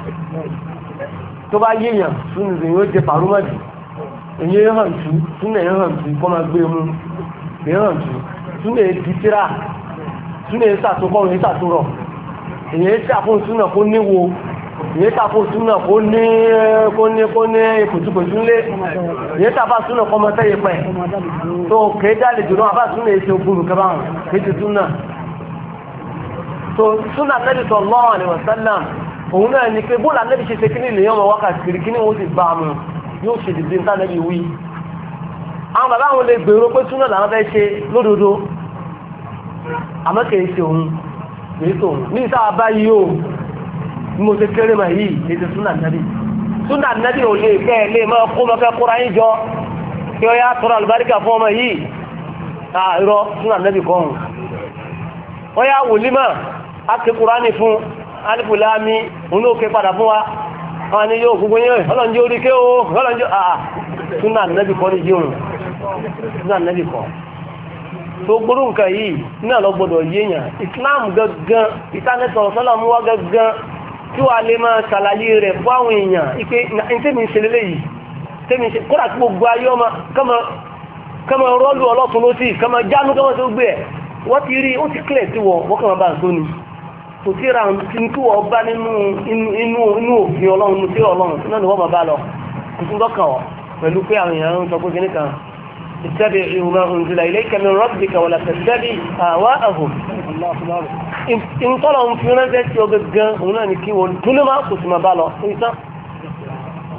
tó bá yéèyàn súnà èyí ó jẹ pàrọ́mọ́dì èyí hàn tú súnà èyí hàn tú kọ́ máa gbé e mú èyí hàn tú súnà èyí tíra súnà èyí sàtúkọ́ èyí sàtúrọ̀ èyí sàfún súnà kó níwo yìí tàbí súnà kó ní kó ní kó ní ìkùtùkùtù ńlé yìí tàbí súnà kọ́ mọ́tẹ́ yìí pẹ̀ tó kéé jáde jùlọ àbá súnà èsì ògbùrù kẹba hàn kéjì súnà tó súnà nẹ́bí sallallahu alaihi wasallam òun náà ní pé bóòlù anẹ́bí ṣe ṣe kíní lèyàn ọmọ wákàtí kiri kíní wọn ti bá a mú yóò ṣe dìde ní tánẹ́bí wí àwọn bàbá àwọn lè gbèrò pé súnà làwọn fẹ́ ṣe lódodo àmọ́ kèé ṣe òun kèé ṣe òun ní ìsáàbá yìí o bí mo ṣe kéré mà yìí ètò súnà nàbì súnà nàbì ò lè kẹ́ lè kó fẹ́ kóra yín jọ kí ọ yá tọrọ àlùbáríkà fún ọmọ yìí àìrọ suna nàbì kọ́hùn wọ́n yá wòlímà á ké fún òun ló ké padà fún wa wọn ni yóò gbogbo yẹn ọlọ́njẹ́ orí o kọ́ ní jíun kọ́ nǹkan yìí náà lọ gbọdọ̀ Islam gangan mú kí wàá lè máa ṣàlàyé rẹ̀ fún àwọn èèyàn ipe tèmi ṣe lélẹ́yìí tèmi ṣe kódà tí gbogbo ayé ọmọ kọ́mọ rọ́ọ̀lù ọlọ́tún ló sì kọ́mọ jánu kọ́mọ tó gbé ẹ̀ wọ́n ti rí ó ti kílẹ̀ sí wọ wọ́n kọ́mọ bá ń sóni kò sí ra nǹkan tí bá nínú inú òfin ọlọ́run inú tí ọlọ́run náà ni wọ́n máa bá lọ kò sí dọ́kàn ọ̀ pẹ̀lú pé àwọn èèyàn ń sọ pé kíní kan ittabi'u ma unzila ilayka min rabbika wa la tattabi' ìtọ́lọ̀ ń fi ránṣẹ́ tí ó gẹ́gẹ́ òun náà ní kí wọ́n dúnlé máa kò sì máa bá lọ ìtàn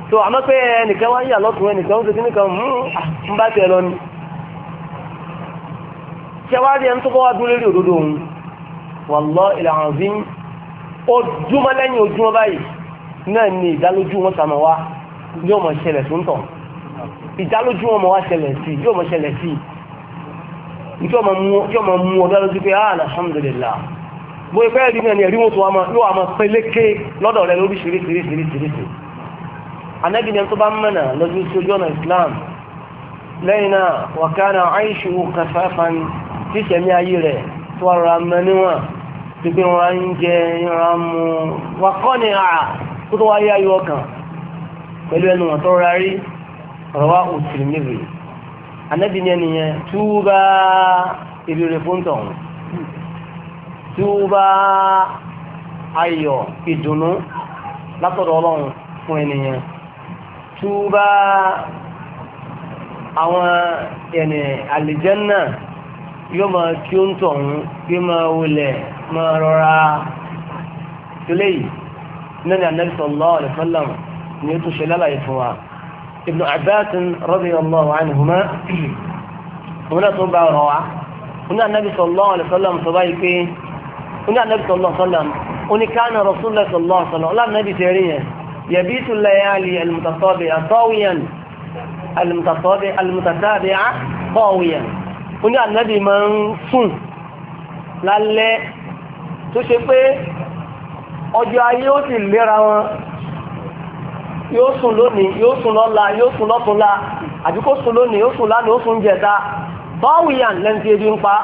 tó àmọ́ pé ẹnìkan wá ń yà lọ́tún ẹnìkan ó ti nìkan hmm, ń bá tẹ̀ lọ ni ṣẹwárí ẹni tó bọ́ wá dún lórí òdodo òun wàlọ́ ìlànà sí ojúmọ́ lẹ́yìn ojúmọ́ báyìí náà ni ìdálójú wọn sàmọ̀ wá yóò mọ̀ ṣẹlẹ̀ tó ń tọ̀ ìdálójú wọn mọ̀ wá ṣẹlẹ̀ sí yóò mọ̀ ṣẹlẹ̀ sí yóò mọ̀ mú ọdọ́ lójú pé ah alhamdulillah mo fẹ́ rí náà ni ẹ̀rí wọn tó wà máa yóò wà máa peléke lọ́dọ̀ rẹ lóríṣiríṣiríṣiríṣi anabi ni tó bá mẹ́nà lọ́dún sí ojú ọ̀nà islam lẹ́yìn náà wà kánà àìṣù kàfáfán tí ìṣẹ̀mí ayé rẹ̀ tó wà rà mẹ́ níwọ̀n tí pé wọ́n ń jẹ ìran mu wà kọ́ ni à tó tó wáyé ayé ọkàn pẹ̀lú ẹnu wọn tó rà ọ̀rọ̀ wa ò tìrì níbi anabi ni ẹnìyẹn túbà ìrírẹ̀ tí ó bá ayọ̀ ìdùnnú látọ̀dọ̀ ọlọ́run fún ènìyàn tí ó bá àwọn ẹni àlìjẹ́nà yóò máa kí ó ń tọ̀hún bí máa wọlé máa rọra tólé yìí nínú Ànábì sallallahu alaihi wasallam ni ó tún ṣe lálàyé fún wa Ibn Abbas radiyallahu anhuma òun náà tún bá ọ̀rọ̀ wa òun náà Ànábì sallallahu alaihi wasallam sọ báyìí oní anabi sọlọ sọlọm oní kánà rasulillah sọlọ sọlọ ọlá anabi tẹ̀rí yẹn yẹbi tu layali alimutasọbi atọwiyan alimutasọbi alimutasabi atọwiyan oní anabi máa ń sùn lálẹ́ tó ṣe pé ọjọ́ ayé ó sì lera wọn yóò sùn lónìí yóò sùn lọ́la yóò sùn lọ́túnla àbí kó sùn lónìí yóò sùn lánàá yóò sùn jẹta báwìyàn lẹ́nu tí pa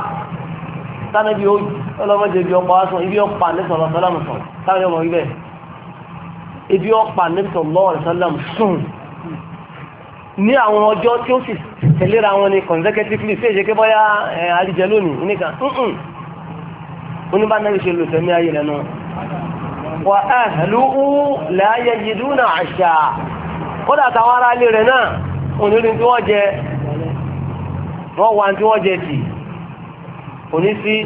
tánàbí ó ọlọ́mọdé ibi ọpa wáṣọ ibi ọpa nẹ́sọ̀rọ̀ sọ́lámù sọ táwọn ọmọ ibẹ̀ ibi ọpa nẹ́sọ̀rọ̀ sọ́lámù sùn ní àwọn ọjọ́ tí ó sì tẹ̀léra wọn ni consecutively sí èṣe kébọ́yá àríjẹ lónìí nìkan nǹkan oníbà náà ṣe lò tẹ̀mí ayé lẹ́nu wà ahluhu la yajiduna asha kódà táwọn ará ilé rẹ̀ náà onírin tí wọ́n jẹ wọ́n wà tí wọ́n jẹ tì òní sí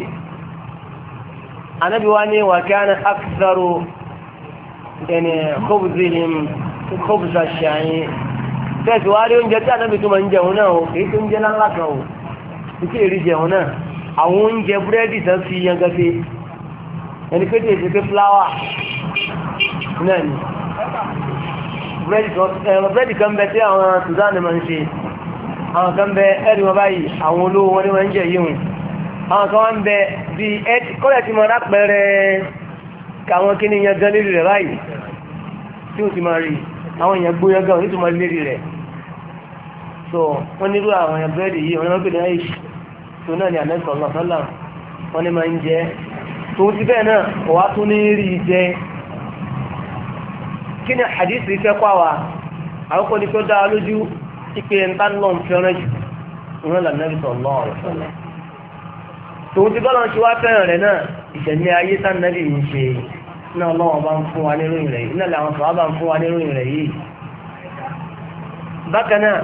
anábì wa ní wàkíánà akitaro ẹni kóbùzìhìm kóbùzà ṣàyìn tẹ́sí wá rí oúnjẹ tí anábì tó máa ń jẹun náà o èyí tó ń jẹ ńlá kan o títí èrí jẹun náà àwọn oúnjẹ búrẹ́dì tán fi yangase ẹni pé tèèsì pé fúláwà náà ni eh, búrẹ́dì kan bẹ tí àwọn Sudan máa ń ṣe àwọn kan bẹ ẹ̀rí wọn báyìí àwọn olówó wọn ni wọ́n ń jẹ yíhun àwọn kan wọ́n bẹ bí ẹ́tì kọ́lẹ̀ tí mo rápẹ̀rẹ̀ káwọn kí ni yẹn gan lérí rẹ̀ báyìí tí ó ti máa rí àwọn èèyàn gbóyọ gan ní tó máa lérí rẹ̀ so wọ́n nírú àwọn èèyàn bẹ́ẹ̀dì yìí wọ́n lọ́gbẹ̀dẹ̀ àìsí tó náà ni àlẹ́sọ̀ lọ́sọ́là wọ́n ní máa ń jẹ tó ti bẹ́ẹ̀ náà kò wá tún ní rí jẹ kí ni hadith fẹ́ kọ́ àwà àwọn kan ní tó dáa lójú ìpè ń tán lọ́n fẹ́ràn jù ìwọ́n làǹdà bí sọ̀ lọ́ọ̀rọ̀ tòun ti bọ́lá ṣe wá fẹ́ràn rẹ̀ náà ìṣẹ̀lẹ̀ ayé sànàbì ń ṣe náà ọlọ́wọ́n bá ń fún wa níròyìn rẹ̀ yìí náà làwọn sọ̀rọ̀ bá ń fún wa níròyìn rẹ̀ yìí. bákan náà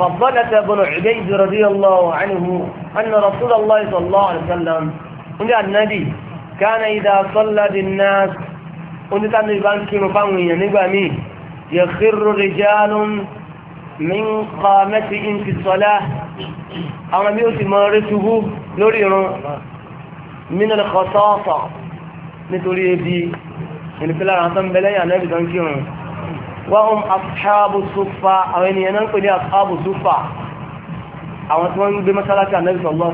فضلة بن عبيد رضي الله عنه أن رسول الله صلى الله عليه وسلم قال النبي كان إذا صلى بالناس قلت أن البنك نفهم ينبغي يخر رجال min qamati in fi salah àwọn mi ó sì mọ rẹ ṣubú lórí irun min al-khasasa nítorí ebi ìlúpẹ́lá àwọn tó ń bẹ lẹ́yìn ànábì tó ń kírun wa hum ashabu suffa àwọn ènìyàn náà ń pè ní ashabu suffa àwọn tí wọ́n ń gbé mọ́sálásí ànábì sallallahu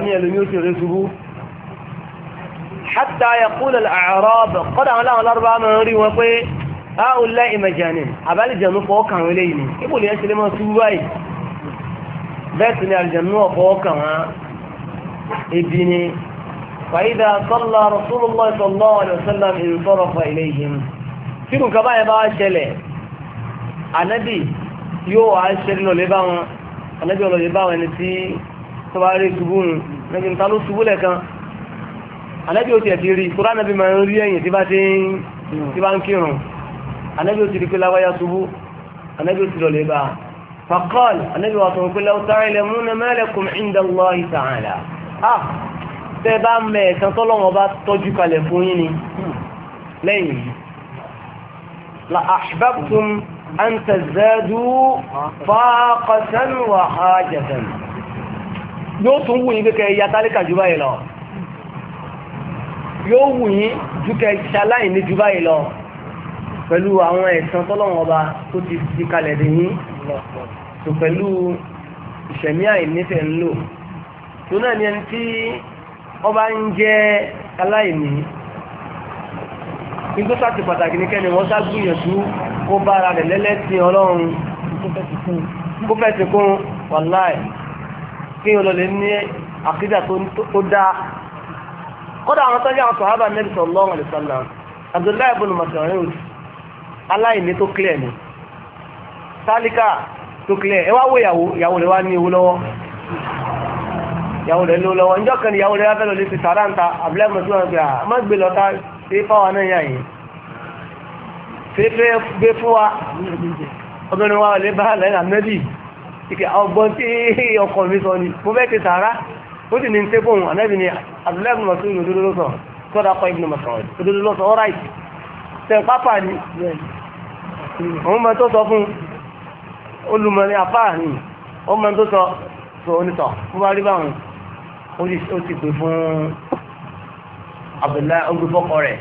alaihi wasallam hatta yaqulu al-a'rab kọ́dà àwọn láwọn lárúbá máa ń rí wọn pé áùlá ìmẹ̀jànì àbálìjànú fọ́ọ̀kàn wọn léyìn ni ibò lè ṣe lè máa tú báyìí bẹ́ẹ̀ sì ni àlìjànú ọ̀fọ́ọ̀kàn wọn ebi ni fàyídà sọ́lá rasulullah sallallahu alaihi wasallam ìrùsọ̀rọ̀ fa ilayhim tí nǹkan báyẹn bá ṣẹlẹ̀ ànábì yóò wá ṣẹlẹ̀ lọ́lẹ́ bá wọn ànábì ọlọ́lẹ́ bá wọn ẹni tí tó bá rí ṣubú nù nàbí nǹkan ló ṣubú lẹ̀ kan ànábì ó ti ẹ̀dí rí tó ránàbí máa ń rí ẹ̀yìn tí bá ń kírun ànábì ó ti rí pé láwáyá ṣubú ànábì ó ti lọlẹ̀ bá fàkọ́l ànábì wà tún pé láwùtárẹ̀ ilẹ̀ mú ní mẹ́lẹ̀kùn ìndàlọ́ ìtàhàlà ah tẹ́ bá mẹ́ ẹ̀sán tọ́lọ́wọ́ bá tọ́jú kalẹ̀ fún yín ni lẹ́yìn la ahbabtum an tazadu faqatan wa hajatan yóò tún wù yín pé kẹ́ jù báyìí lọ yóò wù yín ju kẹ ṣaláì ní ju báyìí lọ pẹ̀lú àwọn ẹ̀sán tọ́lọ́wọ́n ọba tó ti fi kalẹ̀ dé yín tó pẹ̀lú ìṣẹ̀mí àìnífẹ̀ ń lò tó náà ni ẹni tí ọba ń jẹ́ aláìní ní tó sáti pàtàkì ní kẹ́ni wọ́n ságbìyànjú kó bára rẹ̀ lẹ́lẹ́sìn ọlọ́run kó fẹ́ ti kún wàláì kí olólè ní àkídà tó dáa kódà àwọn sọ́jà àwọn sọ̀hábà Nabi sallallahu alaihi wasallam Abdullahi ibn Mas'ud aláìní tó clear ni tálíkà tó clear ẹ wá wo ìyàwó ìyàwó rẹ̀ wá ní ewu lọ́wọ́ ìyàwó rẹ̀ ló lọ́wọ́ níjọ́ kan ìyàwó rẹ̀ lábẹ́ lọ́lẹ́ ti wa obìnrin wa lè bá lẹ́yìn àmẹ́bì ìkẹ́ ọgbọ́n tí ọkọ mi sọ ni mo fẹ́ ó sì ní ń tẹ́bọ̀n anábì ni abdullahi ibn mas'ud òdodo ló sọ sọ́dà kọ́ ibn mas'ud òdodo ló sọ ọ́ráì tẹ̀ pápá ni òun máa tó sọ fún olùmọ̀lẹ́ apá ni ó máa tó sọ sọ onítọ̀ fún wa rí báwọn ó sì pè fún abdullahi ọgbẹ́fọ́kọ rẹ̀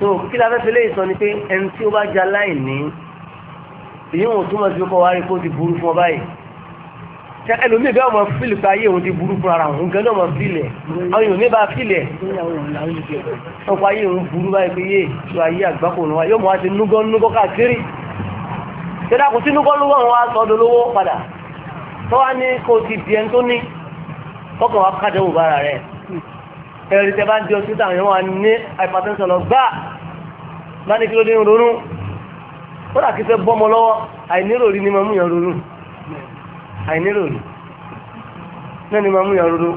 so kí la fẹ́ fi léyìí sọ ni pé ẹni tí ó bá jẹ aláìní èyí wọn ò túmọ̀ sí kọ́ wa rí kó ti burú fún ọ báyìí ṣe ẹlòmíì bẹ́ẹ̀ ọmọ fílì pé ayé òun ti burú fún ara òun gan-an ọmọ fílì ẹ̀ àwọn èèyàn ní bá fílì ẹ̀ ọkọ̀ ayé òun burú báyìí pé yé ìṣó ayé àgbákò òun wa yóò mọ̀ wá ti núgọ́ núgọ́ káàkiri ṣẹlá kò sí núgọ́ núgọ́ òun wa sọ lówó padà tó wá ní kó o ti di ẹni tó ní kọ́kàn wá kájọ wò bára rẹ̀ ẹ̀rí tẹ bá ń di ọtí táwọn èèyàn wa ní hypertension lọ gbá bá ní kí ni mo mú yàn àìnírò ni náà ni máa mú yàn ronú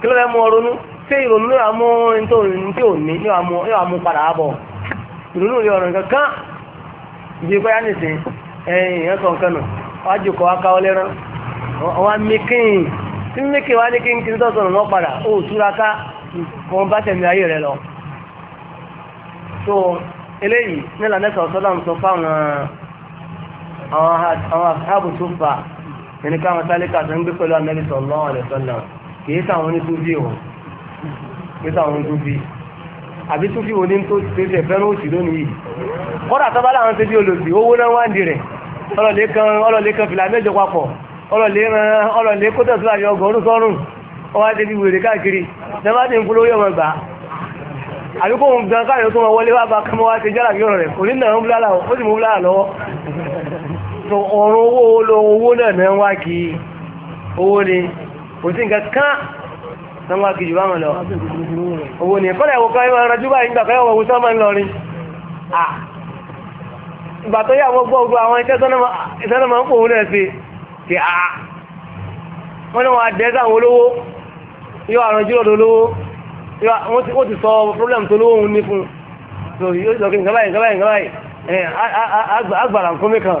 kí ló fẹ́ mú ọ ronú ṣé ìrònú yóò mú ní tí ò ní yóò mú padà bọ̀ ìrònú rí ọ̀rọ̀ nǹkan kan ìdí pé yánìsín ẹ̀yìn ìyẹn kan kan nù wájú kọ akáwọ́ lẹ́rán wa mikin tí mikin wá ní kí n kí n tọ́ sọ̀rọ̀ náà padà ó túraká wọn bá tẹ̀mí ayé rẹ lọ. so eléyìí nílànà sọ̀rọ̀ sọ́dọ̀ ń sọ fáwọn àwọn asáàbù tó fà ẹni káwọn tálíkà tó ń gbé pẹ̀lú Ànábì sallallahu alaihi wasallam kìí sáwọn ní túbí o kìí sáwọn túbí àbí túbí o ní tó tẹ́sẹ̀ fẹ́ràn òsì lónìí yìí kọ́dà tó bá láwọn tẹ́bí olòsì owó náà wá ń di rẹ̀ ọlọ́lẹ̀ kan fìlà mẹ́jọ papọ̀ ọlọ́lẹ̀ kó tẹ̀síwá yọ ọgọ́rùn sọ́rùn ọwá tẹ́bí wèrè káàkiri lẹ́bàá ti ń polówó yọmọ gbà àbí kóhun gan káàkiri tó mọ wọlé wá bá kọ́mọ wá ti jára bí rẹ̀ kò ní nà ń búlá lọ́wọ́ ó sì mú búlá lọ́wọ́ ọ̀rọ̀ owó olóhun owó náà náà wá kí owó ni kò sí nǹkan kán náà wá kí jù báwọn lọ owó ni kọ́lá ìwọ̀n kan máa rajú báyìí nígbà kan ìwọ̀n sọ́mọ́ ń lọrin ìgbà tó yà wọ́n gbọ́ gbogbo àwọn iṣẹ́ sọ́nà máa ń pòun náà sí ti a wọ́n ní wọ́n adẹ́sẹ̀ àwọn olówó yóò àrùn jíròdò olówó wọ́n problem tó lówó òun ní fún un so yóò sọ kí Eh, agbára kúnmí kan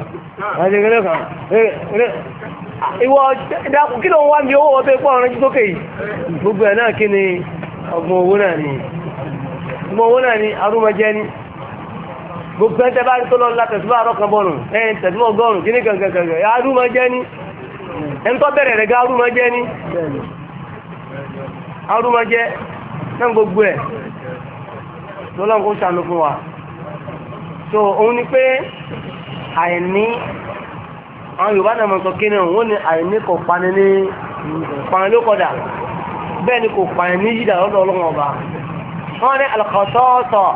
àti ìrìnlẹ̀ kan eh, eh, ìwọ ìdákùn kí ló ń wá mi owó ọbẹ̀ pọ̀ ọ̀rẹ́jú tókè yìí gbogbo ẹ̀ náà kí ni ọgbọ̀n owó náà ni ọgbọ̀n owó náà ni arúmọjẹ́ ni gbogbo ẹ̀ tẹ́bá tó lọ látẹ̀síwá tẹ̀síwá kí arúmọjẹ́ ni ẹ̀ ń tọ́ bẹ̀rẹ̀ so òun ni pé àìní àwọn yorùbá náà mọ̀ sọ kí ni òun ni àìní kò pani ní pani ló kọ̀dà bẹ́ẹ̀ ni kò pani ní yídà lọ́dọ̀ ọlọ́wọ́n ọba wọ́n ní alùkọ̀tọ́ọ̀tọ̀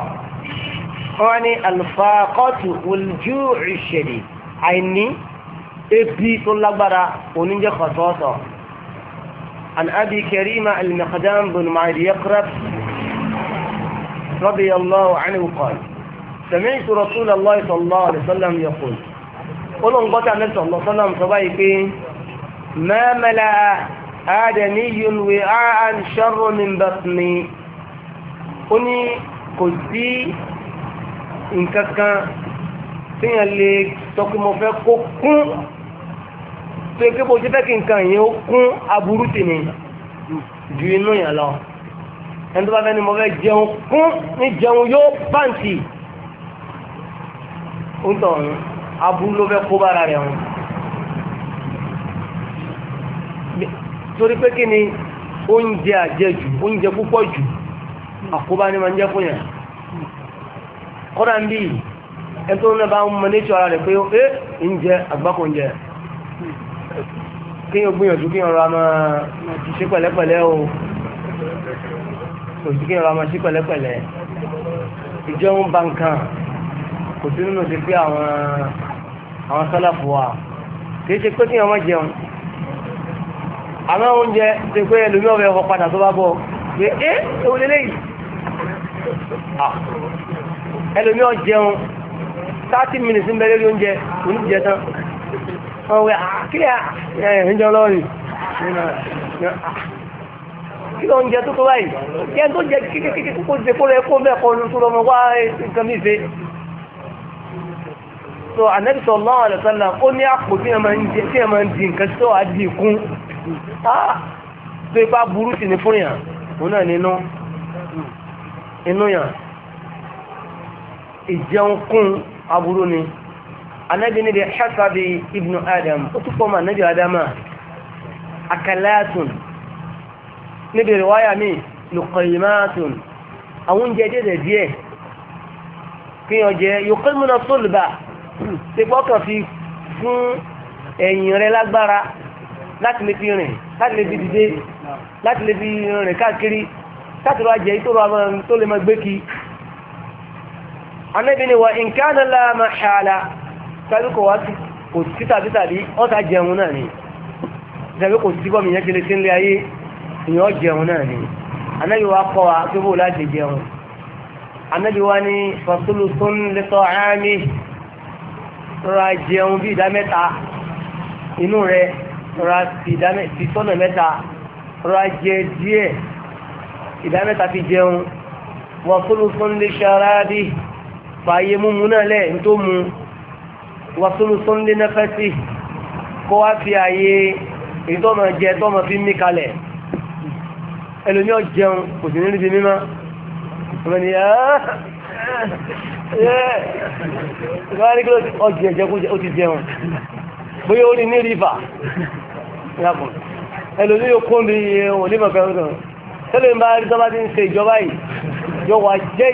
wọ́n ní alùfàkọ́tù olùjú ìṣẹ̀lẹ̀ àìní ebi tó lágbára oníjẹ́ kọ̀tọ́ọ̀tọ̀ عن أبي كريم المقدام بن معدي يقرب رضي الله عنه قال سمعت رسول الله صلى الله عليه وسلم يقول قلوا انقطع النبي صلى الله عليه وسلم فبايك ما ملأ آدمي وعاء شر من بطني قني قدي إن كان tíyàn lè tọkùmọ̀ fẹ́ kó kún tó yẹ kébò jẹ́ kí nǹkan yẹn ó kún aburú tì ní ju inú yẹn lọ ẹni tó bá fẹ́ ni mo fẹ́ jẹun kún ní jẹun yóò pàǹtì ń tọ̀ ọ̀hún aburú ló fẹ́ kó bára rẹ̀ hàn torí pé kí ni oúnjẹ àjẹjù oúnjẹ púpọ̀ jù àkóbá ni máa ń jẹ́ fún yàn kọ́dà ń bí ẹ̀tọ́ náà bá ń mọ níṣọ́ ara rẹ̀ pé é ń jẹ àgbákò ń jẹ kí yóò gbìyànjú kí yóò ra máa ṣe pẹ̀lẹ́pẹ̀lẹ́ o kò sí kí yóò ra máa ṣe pẹ̀lẹ́pẹ̀lẹ́ ìjẹun bá nǹkan kò sí nínú ti pé àwọn àwọn sálàfù wa kì í ṣe pé kí ọmọ jẹun àmọ́ oúnjẹ ti pé ẹlòmí ọ̀bẹ ọkọ̀ padà tó bá bọ̀ pé ẹ́ eh, ewu lélẹ́yìí ẹlòmí ọ̀ jẹun thirty minutes ń bẹ lórí oúnjẹ oníjẹ tán wọ́n wẹ́ àkíyà ẹ̀yìn jẹun lọ́wọ́ ni kí ló ń jẹ tó tó báyìí kí ẹ tó jẹ kíkékékékó jẹ kó lẹ kó mẹ́kọ̀ọ́ ní tó lọ́mọ wá nǹkan mí sọ Ànábì sallallahu alaihi wasallam ó ní àpò tí ẹmọ ń di nǹkan tí ó wà di ìkún tó ipá burú sí ni fún yàn òun náà nínú inú yàn ìjẹun kún aburú ni Ànábì níbi hasabi ibnu adam ó tún pọ́nmọ́ Ànábì adama akalatun níbi ìrìwáyà mi luqaymatun àwọn oúnjẹ díẹ̀ díẹ̀ kí wọ́n jẹ yòókè múná tó lùbà ṣe gbọ́kàn fi fún ẹ̀yìn rẹ lágbára láti lè fi rìn láti lè fi dìde láti lè fi rìn káàkiri láti lọ jẹ́ ìtòrò àwọn tó lè máa gbé kí Ànábì ní wa nǹkan náà mahala tàbí kò wá kò sí tàbí tàbí ọ́ta jẹun náà ni tàbí kò sí bọ́mì yẹn ti lè sí ilé ayé ìyàn jẹun náà ni Ànábì wa kọ́ wa tó bò láti jẹun Ànábì wa ní fasulu tó ń rọra jẹun bí ìdá mẹ́ta inú rẹ rọra fi sọ́nà mẹ́ta rọra jẹ díẹ̀ ìdá mẹ́ta fi jẹun wọ́n kúrú fún lè ṣaráàbí fààyè múmu náà lẹ̀ ń tó mu wọ́n kúrú fún lè nafasi kó wá fi àyè ìtọ́mọ̀ jẹ tọ́mọ̀ fi mí kalẹ̀ ẹlòmíọ̀ jẹun kò sí nílùú bí mímọ́ ọmọ ni ìwọ́n ní kí ó ti jẹun bóyá ó ní yàpọ̀ ẹlòmí yóò tẹ́lẹ̀ ń bá rí ti ń ìjọba yìí jẹ́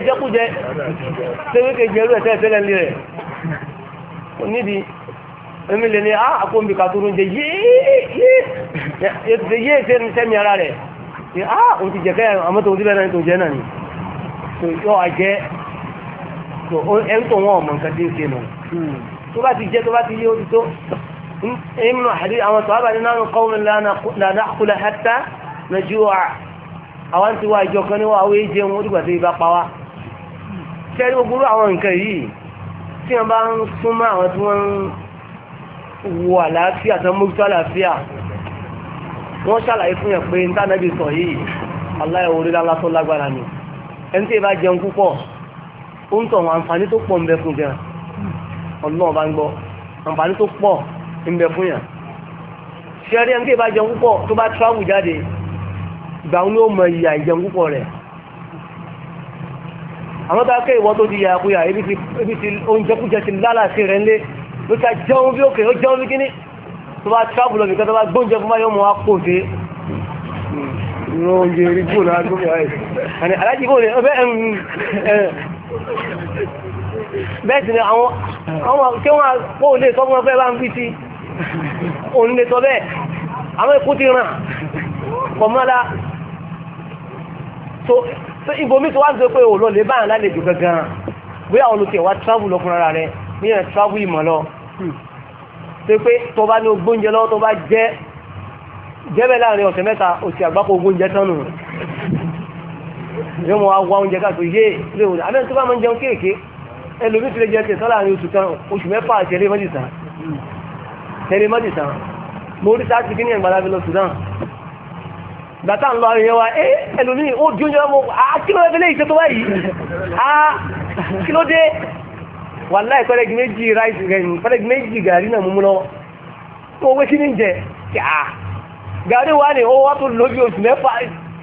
tẹ́lẹ̀ tẹ́lẹ̀ rẹ̀ níbi èmi lè ní jẹ yéé yéé sẹ́mi ara rẹ̀ ti àmọ́tò ti bẹ́ẹ̀ náà ní jẹ́ náà ni jẹ́ so ẹn tó wọn ọmọ nǹkan tí ń ṣe nù hmm. tó bá ti jẹ́ tó bá ti yé ó ti tó nínú àdé àwọn tó bá ní náà kọ́ mi lànà àkúlà hátà nàjú wa àwọn tí wá ìjọ kan ní wà áwé jẹun ó dìgbà tó ibà pa wá ṣẹ́rí ogúrú àwọn nǹkan yìí tí wọ́n bá ń súnmọ́ àwọn tí wọ́n ń wo àlàáfíà tó ń wọ́n ṣàlàyé fún yẹn pé ní tánàbì sọ yìí aláìwòrí lálásọ́ lágbára ni ẹni tí ì bá jẹun púpọ̀ ó ń tọ̀ wọn àǹfààní tó pọ̀ ń bẹ fún gan ọlọ́run bá ń gbọ́ àǹfààní tó pọ̀ ń bẹ fún yàn ṣẹ́rí ẹni tí ìbá jẹun púpọ̀ tó bá travel jáde ìgbà wọn ni ó mọ ìyà ìjẹun púpọ̀ rẹ̀ àwọn tó akẹ́ ìwọ tó di ìyà àkúyà ibi tí oúnjẹ kújẹ ti lálàsí rẹ̀ ńlé ló ta jẹun bí òkè ó jẹun bí kíní tó bá travel lọ nìkan tó bá gbóúnjẹ fún báyọ̀ mọ́ wá kò dé oúnjẹ rí gbóòlù agbóhùn bẹ́ẹ̀ sì ni àwọn kí wọ́n kó lè sọ fún ọgbẹ́ bá ń fi sí òun lè sọ bẹ́ẹ̀ àwọn ikú ti ràn kọ̀mọ́lá tó ibòmí tó wá ń sọ pé òun lọ lè báyàn lálejò gangan bí àwọn olùkẹ́ wá travel lọ fúnra rẹ ní ẹ̀ travel ìmọ̀ lọ tó pé tó bá ní ogbóúnjẹ lọ́wọ́ tó bá jẹ́ jẹ́bẹ̀ láàrin ọ̀sẹ̀ mẹ́ta òsì àgbákò ogbóúnjẹ tán nù yóò mọ wá oúnjẹ káàkiri yé ilé òun àbẹ́ tó bá máa ń jẹun kéèké ẹlòmí ti lè jẹ tẹ̀sán láàrin oṣù kan oṣù mẹ́fà àti ẹ̀rẹ́ mọ́tì tán ẹ̀rẹ́ mọ́tì tán mo rí sáà ti kí ní ẹ̀gbàlá fi lọ Sudan gbàtà ń lọ àrùn wa ẹ ẹlòmí ó di oúnjẹ mọ́ kí ah, ló fẹ́ lè ṣe tó báyìí kí ló dé ah, wàláì pẹ́lẹ́gì méjì ráìsì rẹ̀ eh, ní pẹ́lẹ́gì méjì gàrí náà múmú lọ́wọ́ tó owó kí ní jẹ ah, gàrí wa ni ó wá tó lójú oṣù mẹ́fà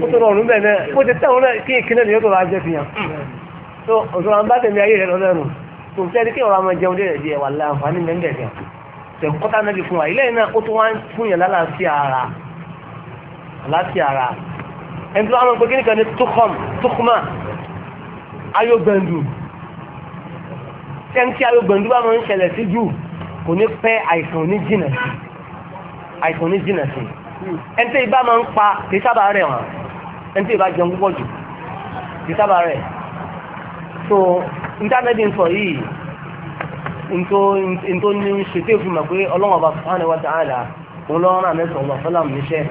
ó tó rọrùn bẹ́ẹ̀ náà bó ti tẹ̀wọ́n náà kí ìkíní ni ó tó bá jẹ́ fi hàn tó òṣùwọ̀n à ń bá tẹ̀mí ayé rẹ̀ lọ́lẹ́rù tó fẹ́ẹ́ kí ọ̀rọ̀ àwọn jẹun dé wà láǹfààní mẹ́ńdẹ̀ gan tẹ̀kọ́tà náà ti fún wa ilé náà ó tó wá ń fún yàn lálàáfíà ara lálàáfíà ara ẹni tó wá mọ̀ pé kí nìkan ni tókọ́m tókọ́mà ayógbẹ̀ndù tẹ́ńtì ayógbẹ̀ndù bá máa ń ṣẹlẹ̀ sí jù kò ní pẹ́ àìsàn ní jìnà sí àìsàn ní jìnà sí i ẹni tí ibà máa ń pa kì í sábà rẹ̀ wọ́n ẹni tí ibà jẹun púpọ̀ jù kì í sábà rẹ̀ so íńtánẹ́ẹ̀tì ń sọ yìí ntó ní ṣe tí òfin mọ̀ pé ọlọ́wọ́n ọba subhanahu wa ta'ala òun lọ́wọ́ náà mẹ́sàn ọba sọ́làmù níṣẹ́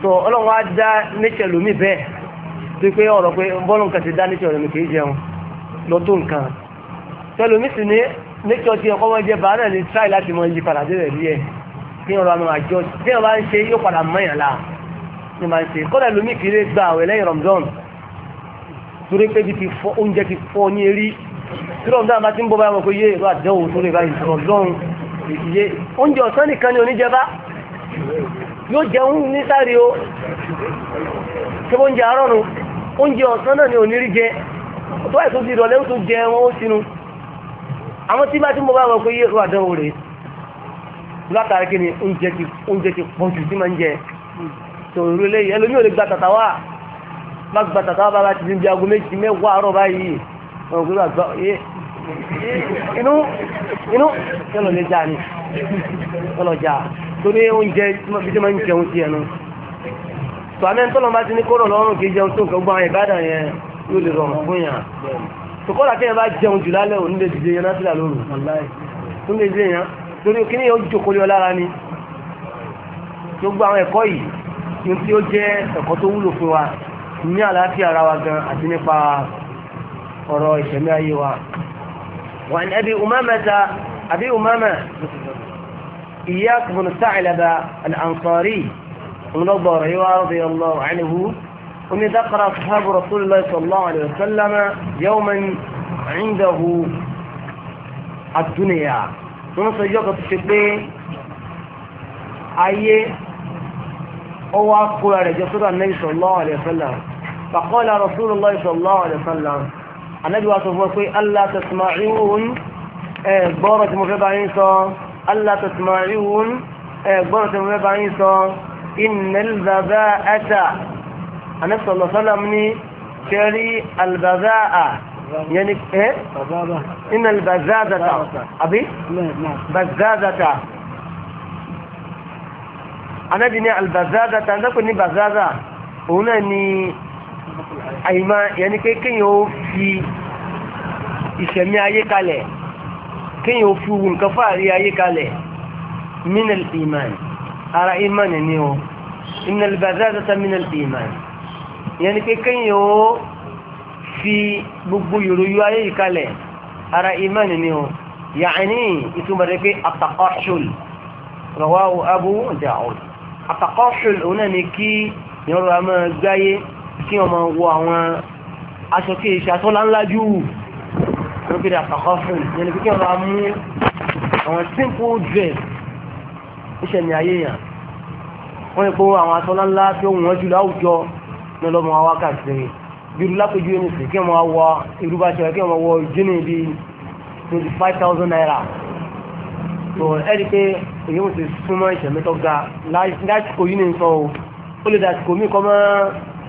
so ọlọ́wọ́n á dá níṣẹ́ lómi bẹ́ẹ̀ tó pé ọ̀rọ̀ pé bọ́ọ̀lù nǹkan ti dá níṣẹ́ lómi kì í jẹun lọ tó nǹkan tẹlomi sì ní níṣẹ́ ti ẹ̀kọ́ wọn jẹ bàárẹ̀ ní tíráì láti mọ iye padà dé rẹ̀ rí kí wọ́n bá máa jọ tí wọ́n bá ń ṣe yóò padà mọ́yàn la ní máa ń ṣe kọ́lẹ̀ lómi kì gba àwẹ̀ lẹ́yìn rọ̀mùdọ́n torí pé ibi ti fọ́ oúnjẹ ti fọ́ ní erí tí rọ̀mùdọ́n bá ti ń bọ́ báyìí wọ́n yé èrò àdánwò tó lè báyìí rọ̀mùdọ́n ìdíyé oúnjẹ ọ̀sán nìkan ni oníjẹba yóò jẹun ní sáré o ṣé oúnjẹ àárọ̀ nu oúnjẹ ọ̀sán náà ni onírí jẹ tó àìsàn ti rọ̀lẹ́ tó jẹ wọn ó sinú àwọn tí bá ti ń bọ́ báyìí wọ́n yé èrò àdánwò rèé látàrí kí ni oúnjẹ ti pọ̀ jù sí máa ń jẹ tó rú lé yẹ lómi ò lè gba tàtà wá má gba tàtà wá bàbá ti di aago méjì mẹ́wàá àárọ̀ báyìí wọn kò gbà yé inú inú yọlọ lè já ni yọlọ já torí oúnjẹ bí tí máa ń jẹun ti ẹnu tó àmì ẹni tọ́lọ́ bá ti ní kóró lọ́rùn kì í jẹun tó nǹkan gbọ́ àwọn ìbàdàn yẹn yóò lè rọrùn fún yàn tó kọ́ làkẹ́yìn bá jẹun jù lálẹ́ òun lè dìde yẹn náà lóru torí kí ni yóò jókòó lé ọ lára ni gbogbo àwọn ẹ̀kọ́ yìí ní tí ó jẹ́ ẹ̀kọ́ tó wúlò fún wa ní àlàáfíà ara wa gan àti nípa ọ̀rọ̀ ìṣẹ̀mí ayé wa wà ní ẹbí umamata àbí umama ìyá kùnú sáàlẹ̀bà al'ansari ọlọ́gbà yíwá tó ń sọ ìjọ kan tó ṣe pé ayé ọwọ́ akóra rẹ̀ jọ sódà Nabi sallallahu alaihi wasallam faqala Rasulullah sallallahu alaihi wasallam anábì wa sọ fún ọ pé Allah tasma'un gbọ́rọ̀ tí mo fẹ́ bá yín sọ Allah tasma'un gbọ́rọ̀ tí mo ṣẹ́rí al يعني ايه ان البزازة ابي بزازة انا بني البزازة انا كني بزازة هنا ني àìmá yẹni pé kíyàn ó fi ìṣẹ̀mí ayé kalẹ̀ kíyàn ó fi wù nǹkan fàárí ayé kalẹ̀ minal iman ara iman ni o inal bazazata minal iman yẹni pé kíyàn ó fi gbogbo yòròyò ayé ìkalẹ̀ ara imani ni o yàní ìtumọ̀ rẹ̀ pé atakọ́ṣul rawahu abu da'ud atakọ́ṣul òun náà ni kí ìrọ̀rọ̀ a máa gbáyé kí wọ́n máa wọ àwọn aṣọ kí iṣẹ́ aṣọ láńlájú wọ́n pè ní atakọ́ṣul yẹn ni kí wọ́n máa mú àwọn simple dress iṣẹ́ ni ayé yàn wọ́n ní pé àwọn aṣọ tí ó wọ́n jù láwùjọ ní ọlọ́mọ wákàtí rẹ̀ irú lápẹjú ẹni sì kí wọ́n wọ irú bá ṣe kí wọ́n wọ jíní bí twenty five thousand naira tó ẹni pé èyí wọ́n ti súnmọ́ ìṣẹ̀mẹ́tọ́ ga lásìkò yìí ní sọ o ó lè dàsìkò mí kọ́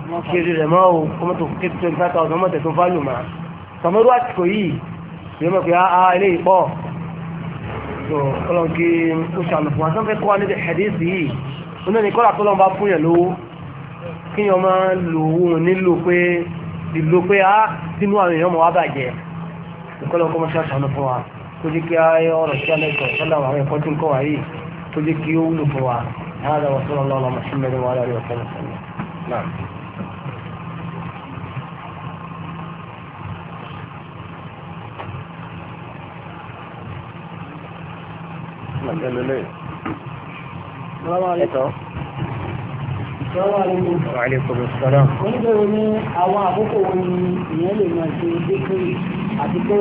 mọ́ kiri rẹ̀ mọ́ o kọ́ mọ́ tó kéde twenty five thousand mọ́ tẹ̀sán fálù mọ́ sọmọ́rú àsìkò yìí yóò mọ̀ pé á ilé ìpọ̀ tó ọlọ́run kí ó ṣàlù fún wa sọ́fẹ́ kọ́ wa níbi hadisi yìí ó náà ní kọ́lá tó lọ́n bá fún yẹn lówó kí yẹn máa lò ó nílò pé ìlò pé á ah, sínú àwọn èèyàn mọ̀ wá bàjẹ́ ìkọ́lọ́kọ́ mọ́ ṣàṣàánú fún wa kó jẹ́ kí á yọ ọ̀rọ̀ sí alẹ́kọ̀ọ́ sọ́lá àwọn هذا وصلى الله على محمد وعلى اله وصحبه وسلم نعم السلام عليكم Wàhálẹ́kùnrin sọ́lá. Wọ́n ní bẹ̀rẹ̀ ní àwọn àkókò wo ni ìyẹn lè máa ṣe dékìrì àti pé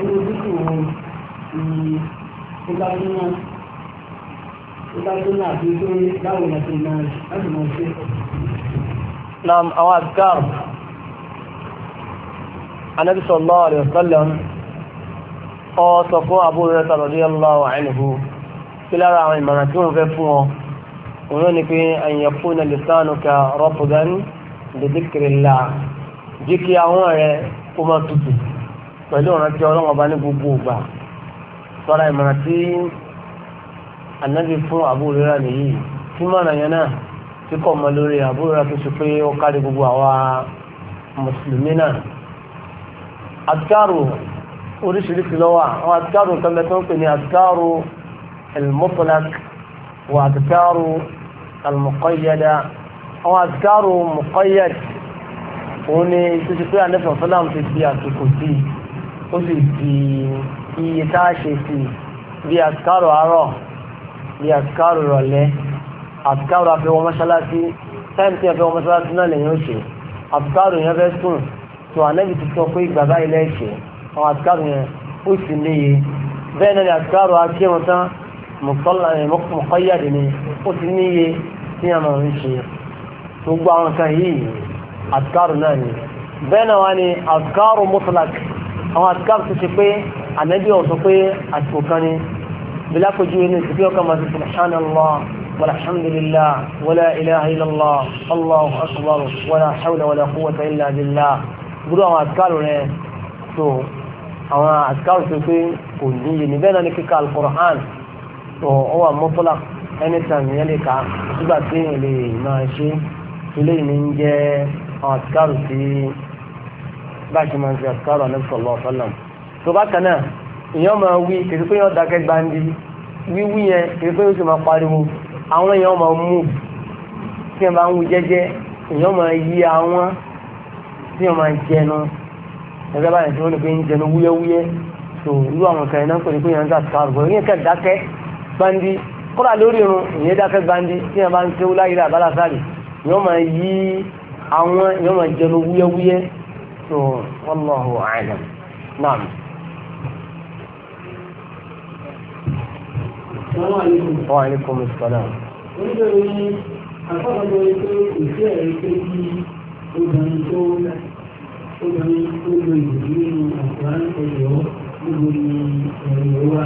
irú díkì wo ni ìgbàgbọ́nà ìgbàgbọ́nà àti pé báwo ni láti máa ṣe. Nam àwọn àgbàr. Anabi sallallahu alaihi wasallam ọ sọ fún Abu Hurairah radiyallahu anhu kí lára àwọn ìmọ̀ràn tí wọ́n fẹ́ fún ọ òun náà ni pé àyànkúnà lisanuka rọ́pùdánù lèdíkìrìlá jẹ́ kí àwọn rẹ̀ kó máa tutù pẹ̀lú ọ̀ràn tí ọlọ́wọ́n bá ní gbogbo ògbà sọ́ra ìmọ̀ràn tí ànábì fún àbúrò rẹ̀ nìyí tí mọ̀ràn yẹn náà tí kò mọ lórí àbúrò rẹ̀ tó ṣe pé ó kárí gbogbo àwa mùsùlùmí náà. àtikárò oríṣiríṣi lọ́wọ́ àwọn àtikárò kan tó ń pè ní àtikárò ẹ̀lmọ́pọ̀lá wà àtikárò المقيدة àwọn àdìkárò mọ̀kọ́yẹ̀d òun ni tó ti pé àlẹ́fẹ̀ fúlàm ti fi àsìkò sí i ó sì di iye tá a ṣe sí i bí àdìkárò àárọ̀ bí àdìkárò rọ̀lẹ́ àdìkárò afẹ́wọ́ mọ́ṣáláṣí táìmù tí afẹ́wọ́ mọ́ṣáláṣí náà lèyìn ó ṣe àdìkárò yẹn fẹ́ sùn tó àlẹ́bí ti sọ pé ìgbà báyìí lẹ́ẹ̀ṣẹ̀ àwọn àdìkárò yẹn ó sì léye bẹ́ẹ̀ náà ni àdìkárò akírun tán mọ̀tọ́lá ẹ̀ mọ̀kọ́yàdì ni ó ti níye tí a máa ń ṣe gbogbo àwọn nǹkan yìí àtikáàrù náà ni bẹ́ẹ̀ náà wá ní àtikáàrù mutlak àwọn àtikáàrù tó ṣe pé ànábì ọ̀sọ́ pé àsìkò kan ni bilákojú inú ìsìnkú ọkàn máa ti subhanallah والحمد لله ولا إله إلا الله الله أكبر ولا حول ولا قوة إلا بالله gbogbo àwọn àtikáàrù rẹ̀ tó àwọn àtikáàrù tó pé kò níye níbẹ̀ náà ní kíkà al tó ọwọ́ àmọ́fọ́là anytime yẹn lè kà nígbà tí èèyàn lè máa ṣe ilé ìní ń jẹ́ àwọn àtikárù sí bá a ṣe máa ń ṣe àtikárù àlẹ́sọ̀lọ́ ọ̀sọ́làm tó bá kan náà èèyàn máa wí kìí pé yàn dákẹ́ gbandi wíwí yẹn kìí pé yóò sì máa pariwo àwọn èèyàn máa mú tí wọ́n bá ń wí jẹ́jẹ́ èèyàn máa yí àwọn tí wọ́n máa jẹnu ẹgbẹ́ báyìí tí wọ́n ní pé ń jẹnu wúyẹ́wúyẹ́ tó irú àwọn kan iná pè ní pé yàn ń dà àtikárù bọ̀ gbandi kọ́lá lórí irun ìyẹn dákẹ́ gbandi tí wọ́n bá ń ké wúlá yìí àbálá sáré yóò máa yí àwọn yóò máa jẹnu wúyẹ́wúyẹ́ tó wallahu a'lam naam. Wa alaikum obìnrin tó lo ìlú nínú àkùrán ẹ̀yọ́ níbo ni ẹ̀rí wà.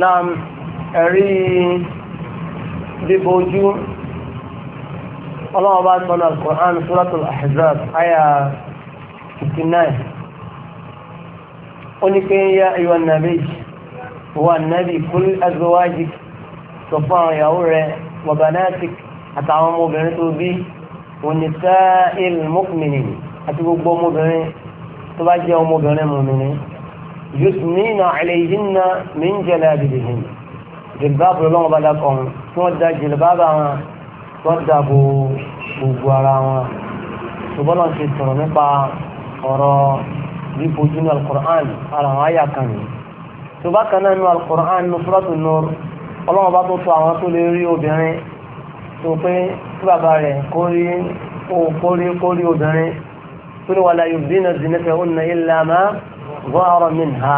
na ẹ̀rí bíbojú ọlọ́wọ́ bá sọ́nà al-Qur'an suratul Ahzab aya 59 ó ní pé ya ayyuhan nabiy wa nabi kul azwajik sọ fún àwọn ìyàwó rẹ̀ wa banatik àtàwọn ọmọbìnrin tó bí wa nisa'il mu'minin àti gbogbo ọmọbìnrin tó bá jẹ́ ọmọbìnrin mùmìnir yusnina alayhinna min jalabibihin jìlbáàbù lọ́wọ́ bá dákọ̀ wọn tí wọ́n da jìlbáàbù wọn tí wọ́n da bo gbogbo ara wọn ṣùgbọ́n náà ṣe sọ̀rọ̀ nípa ọ̀rọ̀ bíbojú ní alukur'an ara wọn ayà kan yìí tó bá kan náà ní alukur'an ní fúrọ́tù nùr ọlọ́wọ́ bá tó tó àwọn tó lè rí obìnrin tó pé tí bàbá rẹ̀ kó rí obìnrin tó ní wàlá yóò dín náà dín náà zọ́ọ̀rọ̀ mi nà